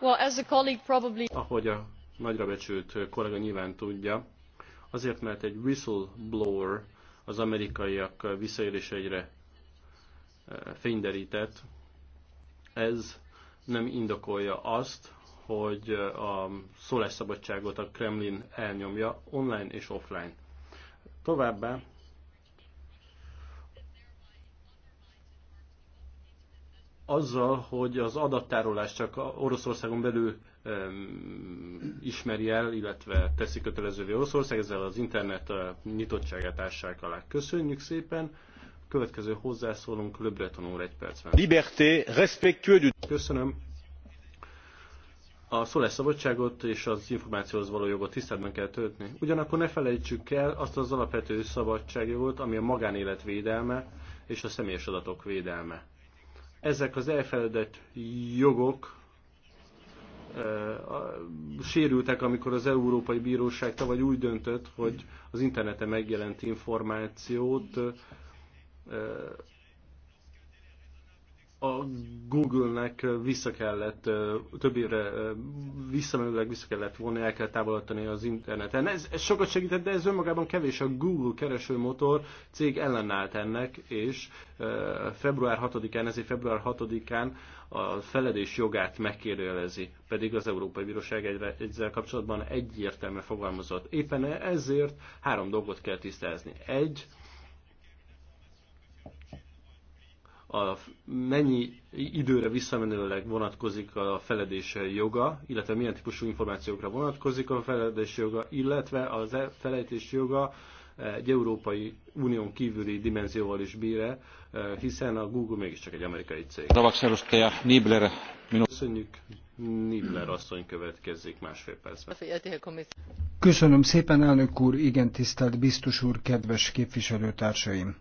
Well, as a colleague probably... Ahogy a nagyra becsült kollega nyilván tudja, azért mert egy whistleblower az amerikaiak visszaéléseire eh, fényderített, ez nem indokolja azt, hogy eh, a szólásszabadságot a Kremlin elnyomja online és offline. Továbbá azzal, hogy az adattárolás csak Oroszországon belül ismeri el, illetve teszi kötelezővé Oroszország, ezzel az internet nyitottságát ássák alá. Köszönjük szépen! Következő hozzászólunk Löbreton úr egy percben. Liberté, respectueux du... Köszönöm. A szólásszabadságot és az információhoz való jogot tisztában kell töltni. Ugyanakkor ne felejtsük el azt az alapvető szabadságjogot, ami a magánélet védelme és a személyes adatok védelme ezek az elfeledett jogok eh, sérültek, amikor az Európai Bíróság tavaly úgy döntött, hogy az interneten megjelent információt eh, a Google-nek vissza kellett, több évre visszamenőleg vissza kellett volna, el kell távolítani az interneten. Ez, ez sokat segített, de ez önmagában kevés. A Google keresőmotor cég ellenállt ennek, és február 6-án, ezért február 6-án a feledés jogát megkérdőjelezi, pedig az Európai Bíróság egyre, ezzel kapcsolatban egyértelműen fogalmazott. Éppen ezért három dolgot kell tisztázni. Egy, a mennyi időre visszamenőleg vonatkozik a feledése joga, illetve milyen típusú információkra vonatkozik a feledés joga, illetve az e- felejtés joga egy Európai Unión kívüli dimenzióval is bír eh, hiszen a Google mégiscsak egy amerikai cég. Köszönjük. Nibler asszony következik másfél percben. Köszönöm szépen, elnök úr, igen tisztelt biztos úr, kedves képviselőtársaim!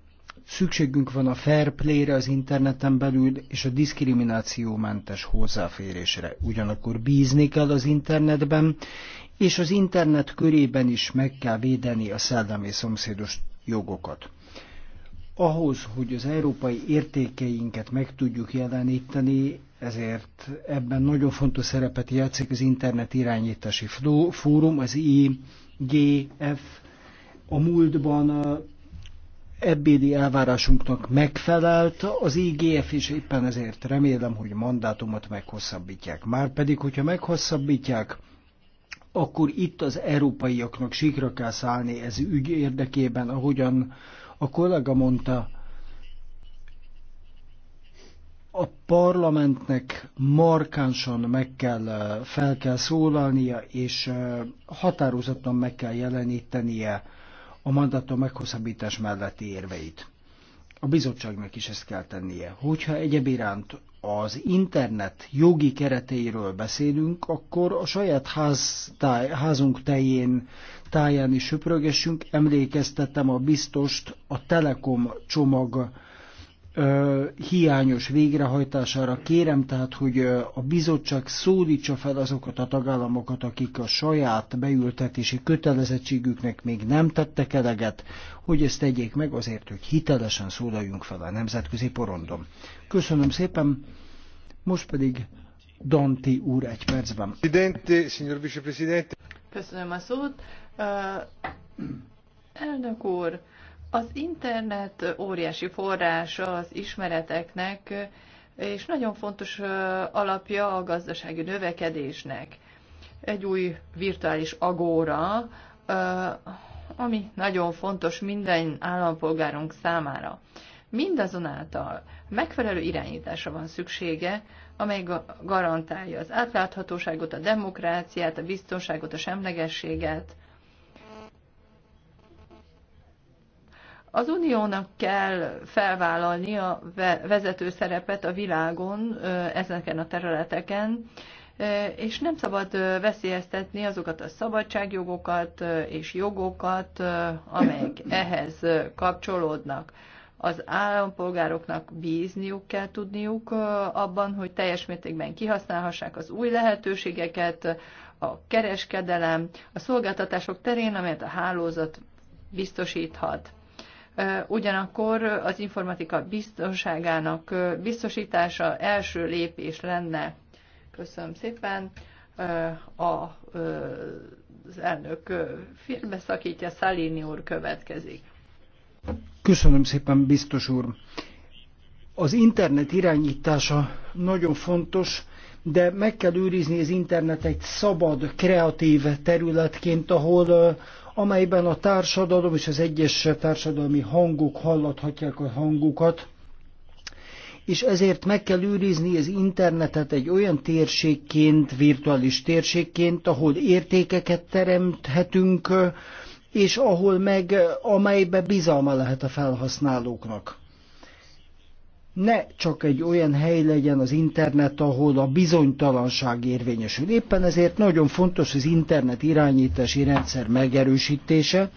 Szükségünk van a fair play-re az interneten belül és a diszkriminációmentes hozzáférésre. Ugyanakkor bízni kell az internetben, és az internet körében is meg kell védeni a szellemi szomszédos jogokat. Ahhoz, hogy az európai értékeinket meg tudjuk jeleníteni, ezért ebben nagyon fontos szerepet játszik az Internet Irányítási Fórum, az IGF. A múltban ebédi elvárásunknak megfelelt az IGF, is, éppen ezért remélem, hogy mandátumot meghosszabbítják. Márpedig, hogyha meghosszabbítják, akkor itt az európaiaknak sikra kell szállni ez ügy érdekében, ahogyan a kollega mondta, a parlamentnek markánsan meg kell, fel kell szólalnia, és határozottan meg kell jelenítenie a mandátum meghosszabbítás melletti érveit. A bizottságnak is ezt kell tennie. Hogyha egyebiránt az internet jogi kereteiről beszélünk, akkor a saját ház, táj, házunk tején, táján is söprögessünk. Emlékeztettem a biztost a Telekom csomag hiányos végrehajtására. Kérem tehát, hogy a bizottság szólítsa fel azokat a tagállamokat, akik a saját beültetési kötelezettségüknek még nem tettek eleget, hogy ezt tegyék meg azért, hogy hitelesen szólaljunk fel a nemzetközi porondon. Köszönöm szépen, most pedig Danti úr egy percben. Köszönöm a szót. Uh, elnök úr, az internet óriási forrása az ismereteknek, és nagyon fontos alapja a gazdasági növekedésnek. Egy új virtuális agóra, ami nagyon fontos minden állampolgárunk számára. Mindazonáltal megfelelő irányításra van szüksége, amely garantálja az átláthatóságot, a demokráciát, a biztonságot, a semlegességet, Az uniónak kell felvállalni a vezető szerepet a világon, ezeken a területeken, és nem szabad veszélyeztetni azokat a szabadságjogokat és jogokat, amelyek ehhez kapcsolódnak. Az állampolgároknak bízniuk kell tudniuk abban, hogy teljes mértékben kihasználhassák az új lehetőségeket, a kereskedelem, a szolgáltatások terén, amelyet a hálózat biztosíthat. Ugyanakkor az informatika biztonságának biztosítása első lépés lenne. Köszönöm szépen. A, az elnök félbeszakítja, Szalini úr következik. Köszönöm szépen, biztos úr. Az internet irányítása nagyon fontos, de meg kell őrizni az internet egy szabad, kreatív területként, ahol amelyben a társadalom és az egyes társadalmi hangok hallathatják a hangukat, és ezért meg kell őrizni az internetet egy olyan térségként, virtuális térségként, ahol értékeket teremthetünk, és ahol meg, amelybe bizalma lehet a felhasználóknak ne csak egy olyan hely legyen az internet, ahol a bizonytalanság érvényesül. Éppen ezért nagyon fontos az internet irányítási rendszer megerősítése.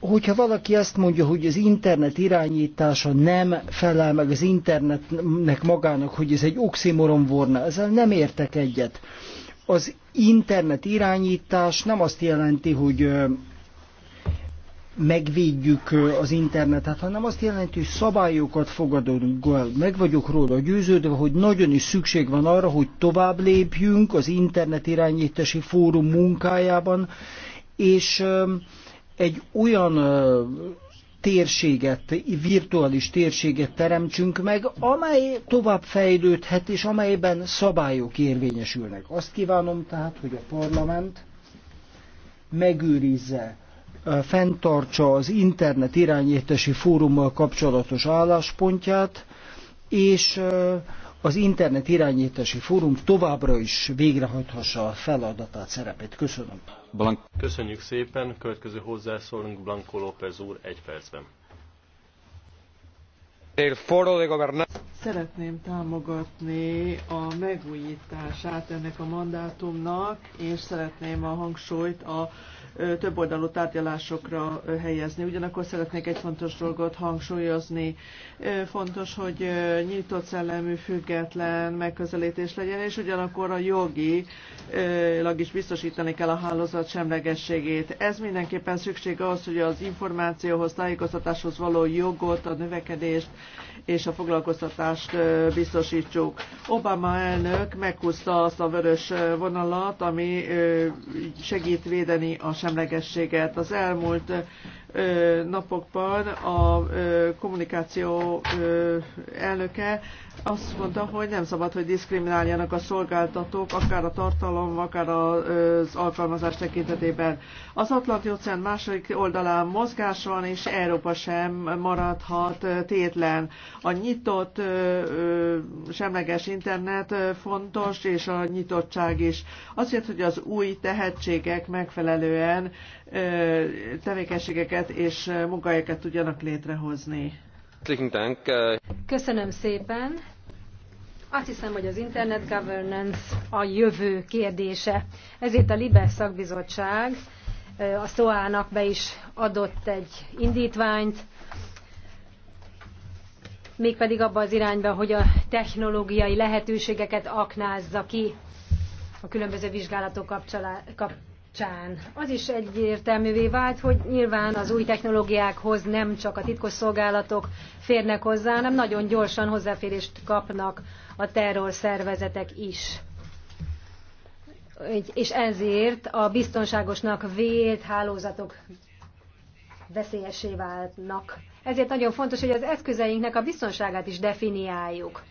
Hogyha valaki azt mondja, hogy az internet irányítása nem felel meg az internetnek magának, hogy ez egy oximoron volna, ezzel nem értek egyet. Az internet irányítás nem azt jelenti, hogy megvédjük az internetet, hát, hanem azt jelenti, hogy szabályokat fogadunk el. Meg vagyok róla győződve, hogy nagyon is szükség van arra, hogy tovább lépjünk az internet irányítási fórum munkájában, és egy olyan térséget, virtuális térséget teremtsünk meg, amely tovább fejlődhet, és amelyben szabályok érvényesülnek. Azt kívánom tehát, hogy a parlament megőrizze fenntartsa az internet irányítási fórummal kapcsolatos álláspontját, és az internet irányítási fórum továbbra is végrehajthassa a feladatát, szerepét. Köszönöm. Blank. Köszönjük szépen. Következő hozzászólunk Blanco López úr egy percben. Szeretném támogatni a megújítását ennek a mandátumnak, és szeretném a hangsúlyt a többoldalú tárgyalásokra helyezni. Ugyanakkor szeretnék egy fontos dolgot hangsúlyozni. Fontos, hogy nyitott szellemű, független megközelítés legyen, és ugyanakkor a jogi lag is biztosítani kell a hálózat semlegességét. Ez mindenképpen szükség az, hogy az információhoz, tájékoztatáshoz való jogot, a növekedést és a foglalkoztatást biztosítsuk. Obama elnök meghúzta azt a vörös vonalat, ami segít védeni a semlegességet. Az elmúlt napokban a kommunikáció elnöke azt mondta, hogy nem szabad, hogy diszkrimináljanak a szolgáltatók, akár a tartalom, akár az alkalmazás tekintetében. Az Atlanti-óceán második oldalán mozgás van, és Európa sem maradhat tétlen. A nyitott, semleges internet fontos, és a nyitottság is. Azért, hogy az új tehetségek megfelelően tevékenységeket és munkahelyeket tudjanak létrehozni. Köszönöm szépen! Azt hiszem, hogy az Internet Governance a jövő kérdése. Ezért a Libe szakbizottság a SZOA-nak be is adott egy indítványt, mégpedig abba az irányba, hogy a technológiai lehetőségeket aknázza ki a különböző vizsgálatok kapcsolá- kapcsán az is egyértelművé vált, hogy nyilván az új technológiákhoz nem csak a titkos szolgálatok férnek hozzá, hanem nagyon gyorsan hozzáférést kapnak a terrorszervezetek is. És ezért a biztonságosnak vélt hálózatok veszélyesé válnak. Ezért nagyon fontos, hogy az eszközeinknek a biztonságát is definiáljuk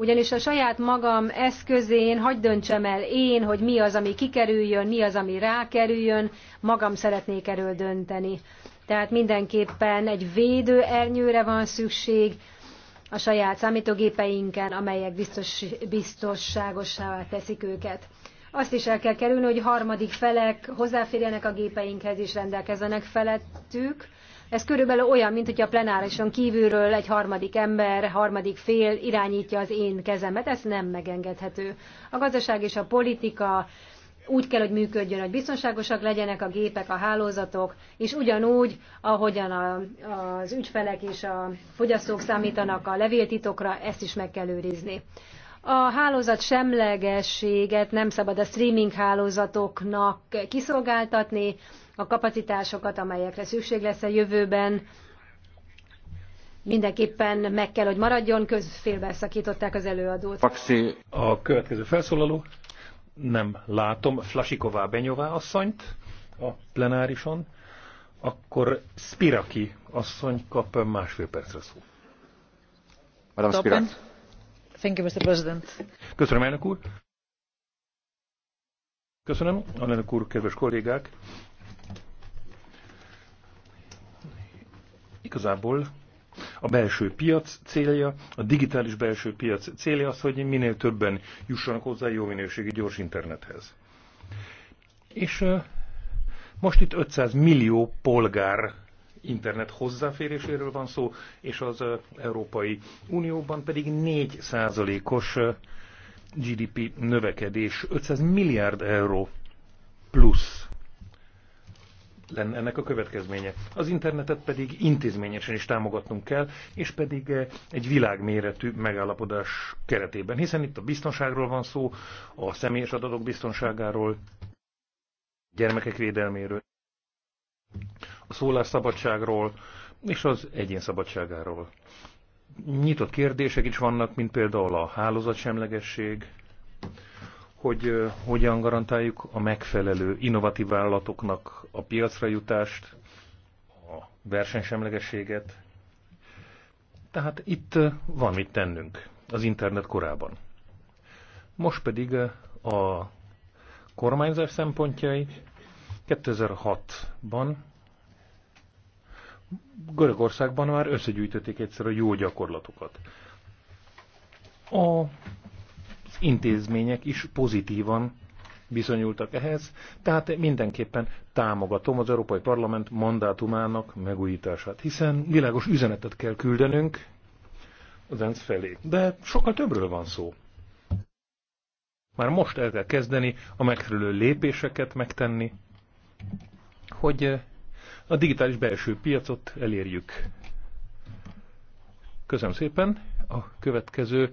ugyanis a saját magam eszközén hagy döntsem el én, hogy mi az, ami kikerüljön, mi az, ami rákerüljön, magam szeretnék erről dönteni. Tehát mindenképpen egy védő ernyőre van szükség a saját számítógépeinken, amelyek biztos, biztosságosá teszik őket. Azt is el kell kerülni, hogy harmadik felek hozzáférjenek a gépeinkhez és rendelkezzenek felettük, ez körülbelül olyan, mint hogy a plenárison kívülről egy harmadik ember, harmadik fél irányítja az én kezemet. Ez nem megengedhető. A gazdaság és a politika úgy kell, hogy működjön, hogy biztonságosak legyenek a gépek, a hálózatok, és ugyanúgy, ahogyan a, az ügyfelek és a fogyasztók számítanak a levéltitokra, ezt is meg kell őrizni. A hálózat semlegességet nem szabad a streaming hálózatoknak kiszolgáltatni, a kapacitásokat, amelyekre szükség lesz a jövőben. Mindenképpen meg kell, hogy maradjon, közfélbe szakították az előadót. A következő felszólaló nem látom Flasiková Benyová asszonyt a plenárison, akkor Spiraki asszony kap másfél percre szó. Madame Thank you, Mr. President. Köszönöm, elnök úr. Köszönöm, elnök úr, kedves kollégák. Igazából a belső piac célja, a digitális belső piac célja az, hogy minél többen jussanak hozzá jó minőségi gyors internethez. És most itt 500 millió polgár internet hozzáféréséről van szó, és az Európai Unióban pedig 4%-os GDP növekedés, 500 milliárd euró plusz lenne ennek a következménye. Az internetet pedig intézményesen is támogatnunk kell, és pedig eh, egy világméretű megállapodás keretében, hiszen itt a biztonságról van szó, a személyes adatok biztonságáról, gyermekek védelméről, a szólásszabadságról és az egyén szabadságáról. Nyitott kérdések is vannak, mint például a hálózatsemlegesség, hogy hogyan garantáljuk a megfelelő innovatív vállalatoknak a piacra jutást, a versenysemlegességet. Tehát itt van mit tennünk az internet korában. Most pedig a kormányzás szempontjai 2006-ban Görögországban már összegyűjtötték egyszer a jó gyakorlatokat. A intézmények is pozitívan bizonyultak ehhez, tehát mindenképpen támogatom az Európai Parlament mandátumának megújítását, hiszen világos üzenetet kell küldenünk az ENSZ felé. De sokkal többről van szó. Már most el kell kezdeni a megfelelő lépéseket megtenni, hogy a digitális belső piacot elérjük. Köszönöm szépen. A következő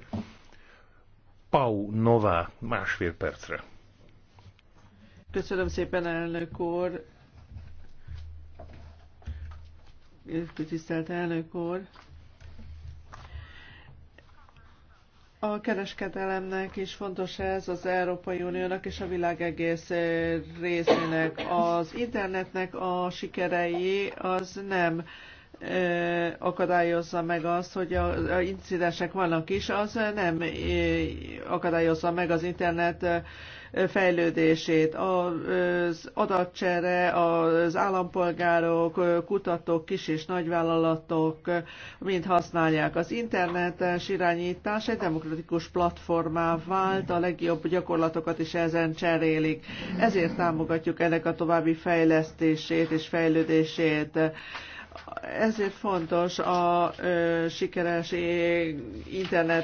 Pau Nová másfél percre. Köszönöm szépen, elnök úr. Tisztelt elnök úr. A kereskedelemnek is fontos ez az Európai Uniónak és a világ egész eh, részének. Az internetnek a sikerei az nem akadályozza meg azt, hogy a, incidensek vannak is, az nem akadályozza meg az internet fejlődését. Az adatcsere, az állampolgárok, kutatók, kis és nagyvállalatok mind használják. Az internetes irányítás egy demokratikus platformá vált, a legjobb gyakorlatokat is ezen cserélik. Ezért támogatjuk ennek a további fejlesztését és fejlődését ezért fontos a ö, sikeres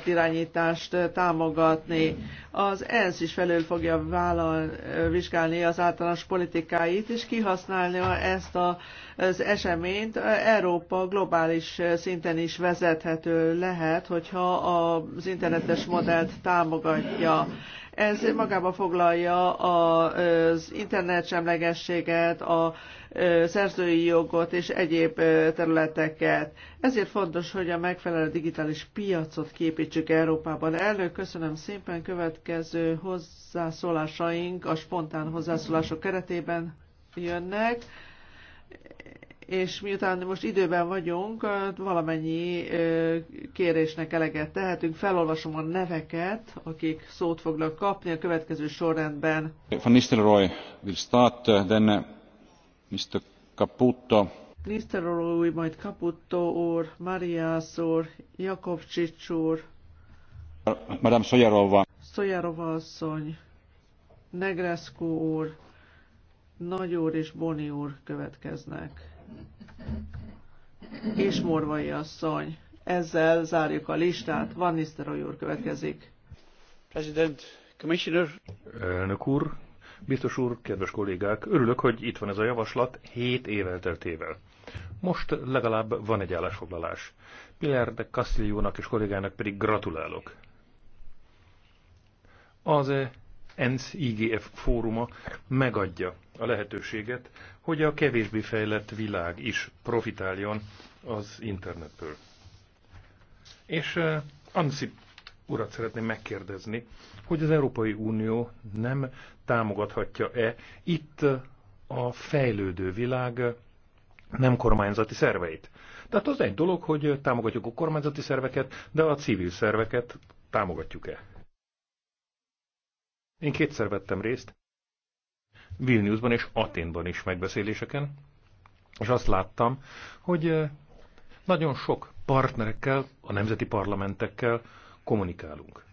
irányítást támogatni. Az ENSZ is felül fogja vállal, ö, vizsgálni az általános politikáit, és kihasználni ezt a, az eseményt. Európa globális szinten is vezethető lehet, hogyha az internetes modellt támogatja. Ez magába foglalja az internetsemlegességet, a szerzői jogot és egyéb területeket. Ezért fontos, hogy a megfelelő digitális piacot képítsük Európában. Elnök, köszönöm szépen következő hozzászólásaink a spontán hozzászólások keretében jönnek és miután most időben vagyunk, valamennyi kérésnek eleget tehetünk. Felolvasom a neveket, akik szót fognak kapni a következő sorrendben. Van Nistelrooy will start, then Mr. Caputo. Nistelrooy, majd Caputo úr, Marias úr, Jakovcsics úr, Madame Sojarova. Sojarova asszony, Negrescu úr, Nagy úr és Boni úr következnek és Morvai asszony. Ezzel zárjuk a listát. Van Nisztelrooy úr következik. President, Commissioner. Elnök úr, biztos úr, kedves kollégák, örülök, hogy itt van ez a javaslat 7 év elteltével. Most legalább van egy állásfoglalás. Pilar de Castillo-nak és kollégának pedig gratulálok. Az ENSZ IGF fóruma megadja a lehetőséget, hogy a kevésbé fejlett világ is profitáljon az internetből. És uh, eh, Ansip urat szeretném megkérdezni, hogy az Európai Unió nem támogathatja-e itt a fejlődő világ nem kormányzati szerveit. Tehát az egy dolog, hogy támogatjuk a kormányzati szerveket, de a civil szerveket támogatjuk-e? Én kétszer vettem részt Vilniusban és Aténban is megbeszéléseken, és azt láttam, hogy eh, nagyon sok partnerekkel, a nemzeti parlamentekkel kommunikálunk.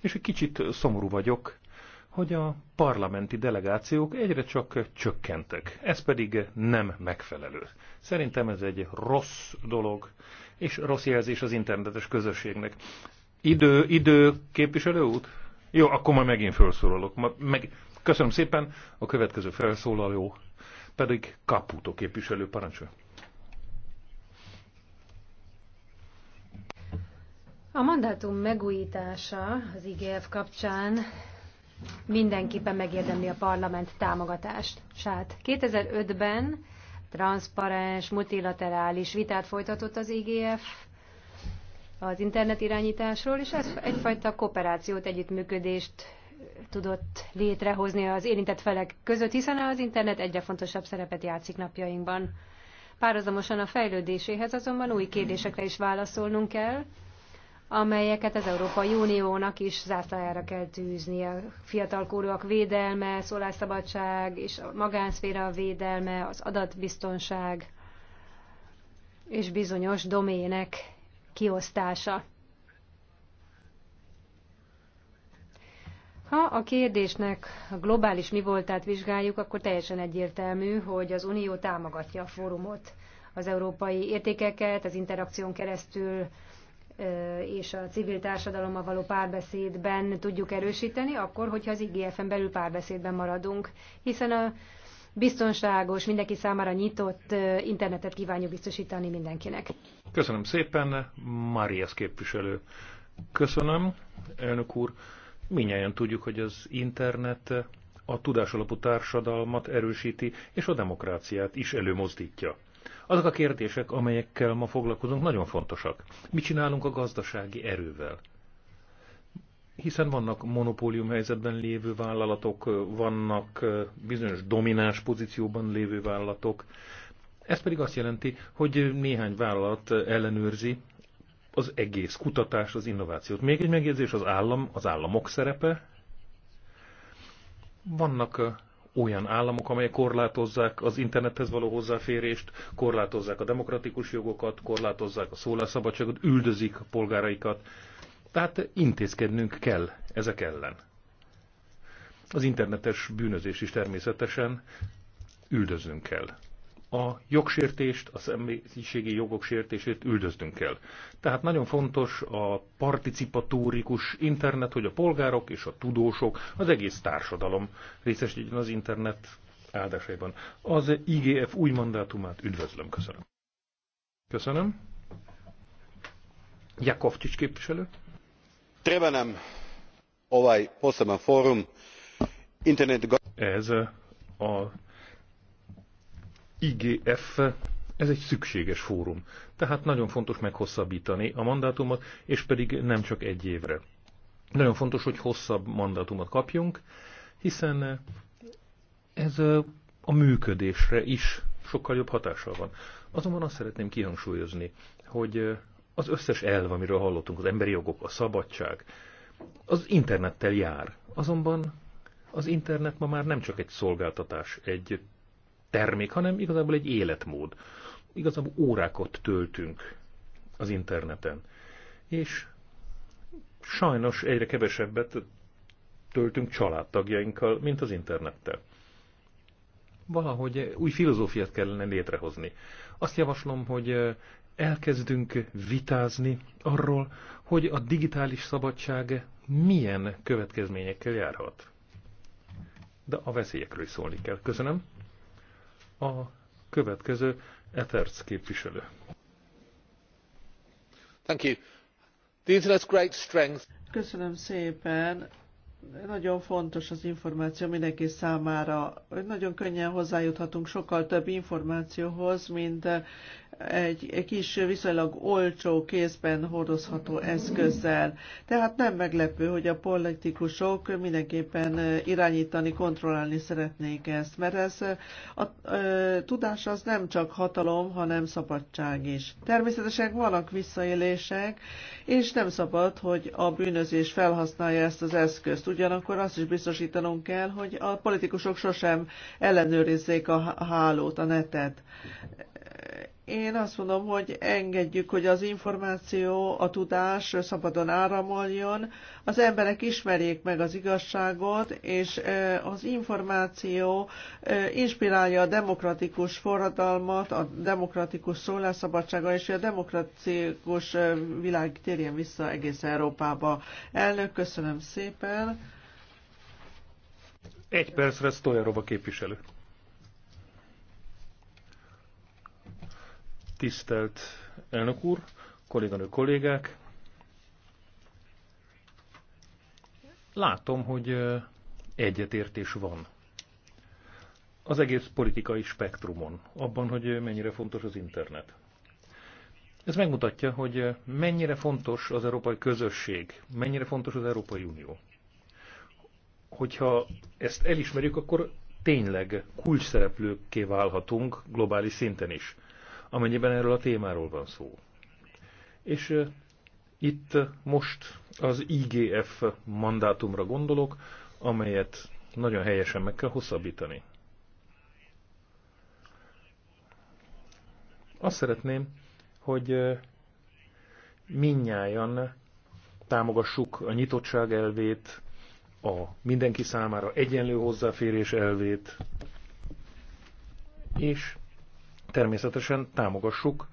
És egy kicsit szomorú vagyok, hogy a parlamenti delegációk egyre csak csökkentek. Ez pedig nem megfelelő. Szerintem ez egy rossz dolog, és rossz jelzés az internetes közösségnek. Idő, idő, képviselő út? Jó, akkor majd megint felszólalok. Meg, Köszönöm szépen, a következő felszólaló pedig Kaputo képviselő parancsol. A mandátum megújítása az IGF kapcsán mindenképpen megérdemli a parlament támogatást. Sát 2005-ben transzparens, multilaterális vitát folytatott az IGF az internetirányításról, és ez egyfajta kooperációt, együttműködést tudott létrehozni az érintett felek között, hiszen az internet egyre fontosabb szerepet játszik napjainkban. Párhuzamosan a fejlődéséhez azonban új kérdésekre is válaszolnunk kell, amelyeket az Európai Uniónak is zászlájára kell a Fiatalkorúak védelme, szólásszabadság és a magánszféra védelme, az adatbiztonság és bizonyos domének kiosztása. Ha a kérdésnek a globális mi voltát vizsgáljuk, akkor teljesen egyértelmű, hogy az Unió támogatja a fórumot, az európai értékeket, az interakción keresztül és a civil társadalommal való párbeszédben tudjuk erősíteni, akkor, hogyha az IGF-en belül párbeszédben maradunk, hiszen a biztonságos, mindenki számára nyitott internetet kívánjuk biztosítani mindenkinek. Köszönöm szépen, Marias képviselő. Köszönöm, elnök úr. Minnyáján tudjuk, hogy az internet a tudásalapú társadalmat erősíti, és a demokráciát is előmozdítja. Azok a kérdések, amelyekkel ma foglalkozunk, nagyon fontosak. Mit csinálunk a gazdasági erővel? Hiszen vannak monopólium helyzetben lévő vállalatok, vannak bizonyos domináns pozícióban lévő vállalatok. Ez pedig azt jelenti, hogy néhány vállalat ellenőrzi az egész kutatás, az innovációt. Még egy megjegyzés, az állam, az államok szerepe. Vannak olyan államok, amelyek korlátozzák az internethez való hozzáférést, korlátozzák a demokratikus jogokat, korlátozzák a szólásszabadságot, üldözik a polgáraikat. Tehát intézkednünk kell ezek ellen. Az internetes bűnözés is természetesen üldözünk kell a jogsértést, az személyiségi jogok sértését üldöztünk kell. Tehát nagyon fontos a participatórikus internet, hogy a polgárok és a tudósok, az egész társadalom részesítjön az internet áldásaiban. Az IGF új mandátumát üdvözlöm, köszönöm. Köszönöm. Jakovcsics képviselő. Treba ovaj poseban fórum internet... Ez a IGF ez egy szükséges fórum. Tehát nagyon fontos meghosszabbítani a mandátumot, és pedig nem csak egy évre. Nagyon fontos, hogy hosszabb mandátumot kapjunk, hiszen ez a működésre is sokkal jobb hatással van. Azonban azt szeretném kihangsúlyozni, hogy az összes elv, amiről hallottunk, az emberi jogok, a szabadság, az internettel jár. Azonban az internet ma már nem csak egy szolgáltatás, egy termék, hanem igazából egy életmód. Igazából órákat töltünk az interneten. És sajnos egyre kevesebbet töltünk családtagjainkkal, mint az internettel. Valahogy új filozófiát kellene létrehozni. Azt javaslom, hogy elkezdünk vitázni arról, hogy a digitális szabadság milyen következményekkel járhat. De a veszélyekről is szólni kell. Köszönöm. A következő Eterc képviselő. Thank you. The internet's great strength. Köszönöm szépen nagyon fontos az információ mindenki számára, nagyon könnyen hozzájuthatunk sokkal több információhoz, mint egy kis viszonylag olcsó kézben hordozható eszközzel. Tehát nem meglepő, hogy a politikusok mindenképpen irányítani, kontrollálni szeretnék ezt, mert ez a, a, a, tudás az nem csak hatalom, hanem szabadság is. Természetesen vannak visszaélések, és nem szabad, hogy a bűnözés felhasználja ezt az eszközt. Ugyanakkor azt is biztosítanunk kell, hogy a politikusok sosem ellenőrizzék a hálót, a netet. Én azt mondom, hogy engedjük, hogy az információ, a tudás szabadon áramoljon, az emberek ismerjék meg az igazságot, és az információ inspirálja a demokratikus forradalmat, a demokratikus szólásszabadsága, és a demokratikus világ térjen vissza egész Európába. Elnök, köszönöm szépen. Egy percre Stojanova képviselő. Tisztelt elnök úr, kolléganő kollégák! Látom, hogy egyetértés van. Az egész politikai spektrumon, abban, hogy mennyire fontos az internet. Ez megmutatja, hogy mennyire fontos az európai közösség, mennyire fontos az Európai Unió. Hogyha ezt elismerjük, akkor tényleg kulcsszereplőkké válhatunk globális szinten is amennyiben erről a témáról van szó. És itt most az IGF mandátumra gondolok, amelyet nagyon helyesen meg kell hosszabbítani. Azt szeretném, hogy minnyáján támogassuk a nyitottság elvét, a mindenki számára egyenlő hozzáférés elvét, és természetesen támogassuk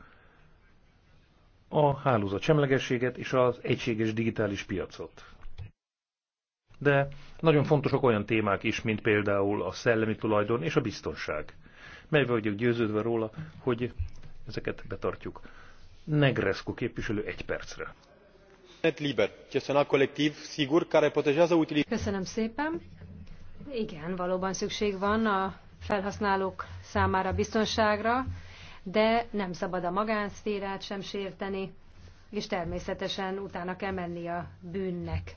a hálózat semlegességet és az egységes digitális piacot. De nagyon fontosak olyan témák is, mint például a szellemi tulajdon és a biztonság. Mely vagyok győződve róla, hogy ezeket betartjuk. Negrescu képviselő egy percre. sigur, Köszönöm szépen. Igen, valóban szükség van a felhasználók számára biztonságra, de nem szabad a magánszférát sem sérteni, és természetesen utána kell menni a bűnnek.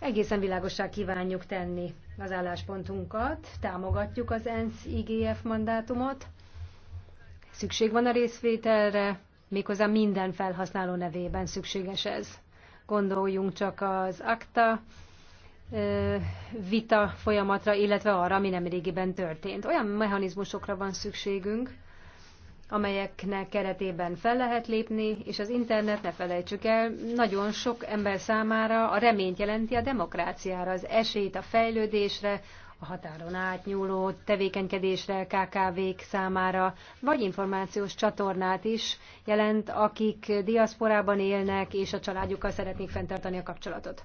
Egészen világosá kívánjuk tenni az álláspontunkat, támogatjuk az ENSZ-IGF mandátumot, szükség van a részvételre, méghozzá minden felhasználó nevében szükséges ez. Gondoljunk csak az akta vita folyamatra, illetve arra, ami nem történt. Olyan mechanizmusokra van szükségünk, amelyeknek keretében fel lehet lépni, és az internet, ne felejtsük el, nagyon sok ember számára a reményt jelenti a demokráciára, az esélyt a fejlődésre, a határon átnyúló tevékenykedésre KKV-k számára, vagy információs csatornát is jelent, akik diaszporában élnek, és a családjukkal szeretnék fenntartani a kapcsolatot.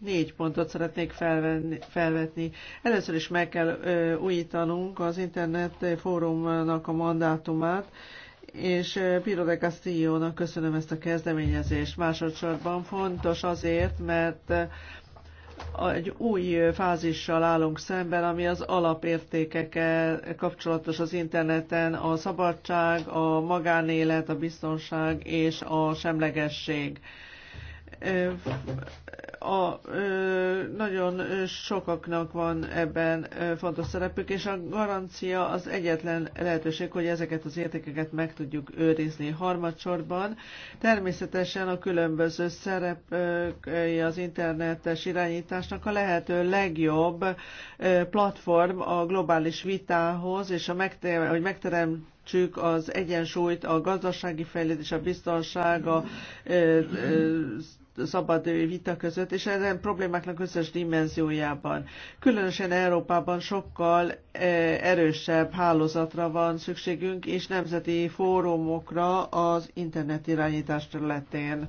négy pontot szeretnék felvenni, felvetni. Először is meg kell ö, újítanunk az internet fórumnak a mandátumát, és Piro de Castillo-nak köszönöm ezt a kezdeményezést. Másodszorban fontos azért, mert egy új fázissal állunk szemben, ami az alapértékekkel kapcsolatos az interneten, a szabadság, a magánélet, a biztonság és a semlegesség a, nagyon sokaknak van ebben fontos szerepük, és a garancia az egyetlen lehetőség, hogy ezeket az értékeket meg tudjuk őrizni. Harmadsorban természetesen a különböző szerepei az internetes irányításnak a lehető legjobb platform a globális vitához, és a megter- hogy megterem az egyensúlyt a gazdasági fejlődés, a biztonság, a szabad vita között, és ezen problémáknak összes dimenziójában. Különösen Európában sokkal eh, erősebb hálózatra van szükségünk, és nemzeti fórumokra az internet irányítás területén.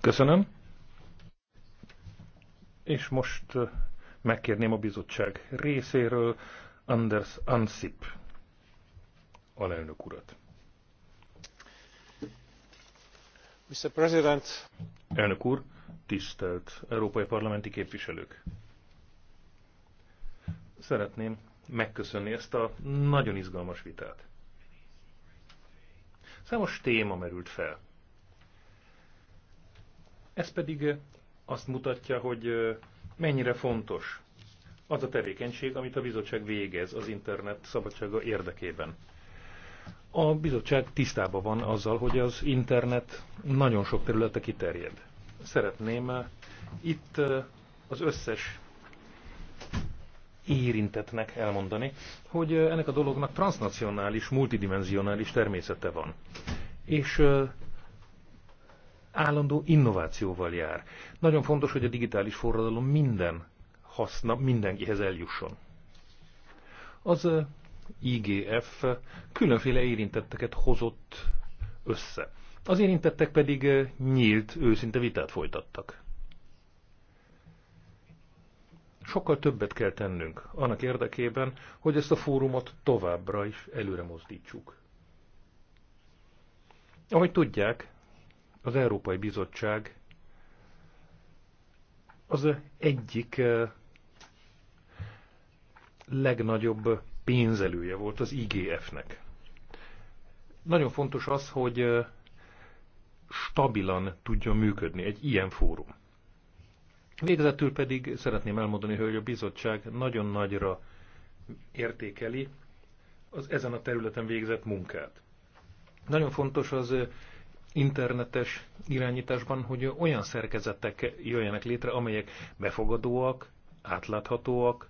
Köszönöm. És most megkérném a bizottság részéről Anders Ansip alelnök urat. Mr. President. Elnök úr, tisztelt európai parlamenti képviselők! Szeretném megköszönni ezt a nagyon izgalmas vitát. Számos téma merült fel. Ez pedig azt mutatja, hogy mennyire fontos az a tevékenység, amit a bizottság végez az internet szabadsága érdekében. A bizottság tisztában van azzal, hogy az internet nagyon sok területe kiterjed. Szeretném itt az összes érintetnek elmondani, hogy ennek a dolognak transnacionális, multidimensionális természete van. És állandó innovációval jár. Nagyon fontos, hogy a digitális forradalom minden haszna mindenkihez eljusson. Az IGF különféle érintetteket hozott össze. Az érintettek pedig nyílt, őszinte vitát folytattak. Sokkal többet kell tennünk annak érdekében, hogy ezt a fórumot továbbra is előre mozdítsuk. Ahogy tudják, az Európai Bizottság az egyik eh, legnagyobb pénzelője volt az IGF-nek. Nagyon fontos az, hogy eh, stabilan tudjon működni egy ilyen fórum. Végezetül pedig szeretném elmondani, hogy a bizottság nagyon nagyra értékeli az ezen a területen végzett munkát. Nagyon fontos az eh, internetes irányításban, hogy olyan szerkezetek jöjjenek létre, amelyek befogadóak, átláthatóak,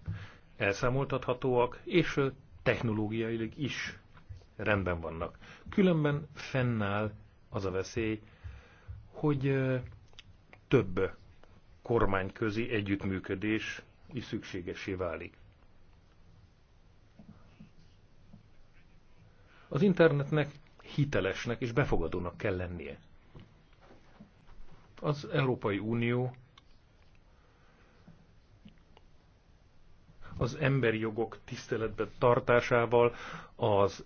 elszámoltathatóak, és technológiailag is rendben vannak. Különben fennáll az a veszély, hogy több kormányközi együttműködés is szükségesé válik. Az internetnek hitelesnek és befogadónak kell lennie. Az Európai Unió az emberi jogok tiszteletben tartásával, az,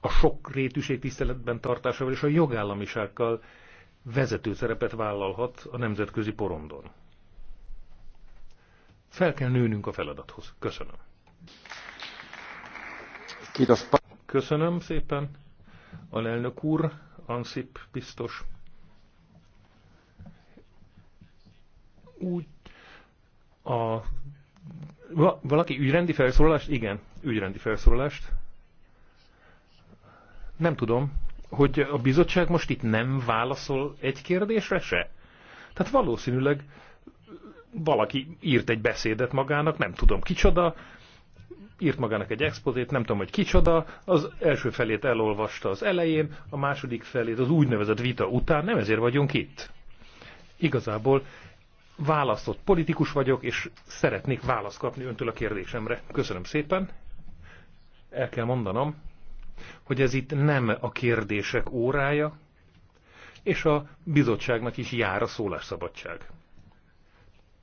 a sok rétűség tiszteletben tartásával és a jogállamisággal vezető szerepet vállalhat a nemzetközi porondon. Fel kell nőnünk a feladathoz. Köszönöm. Köszönöm szépen alelnök úr, Ansip biztos. Úgy a... Valaki ügyrendi felszólalást? Igen, ügyrendi felszólalást. Nem tudom, hogy a bizottság most itt nem válaszol egy kérdésre se? Tehát valószínűleg valaki írt egy beszédet magának, nem tudom kicsoda, írt magának egy expozét, nem tudom, hogy kicsoda, az első felét elolvasta az elején, a második felét az úgynevezett vita után, nem ezért vagyunk itt. Igazából választott politikus vagyok, és szeretnék választ kapni öntől a kérdésemre. Köszönöm szépen. El kell mondanom, hogy ez itt nem a kérdések órája, és a bizottságnak is jár a szólásszabadság.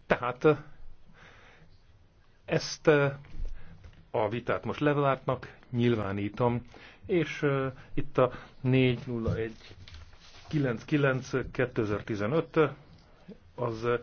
Tehát eh, ezt eh, a vitát most levártnak, nyilvánítom, és uh, itt a 401 99 2015 az uh,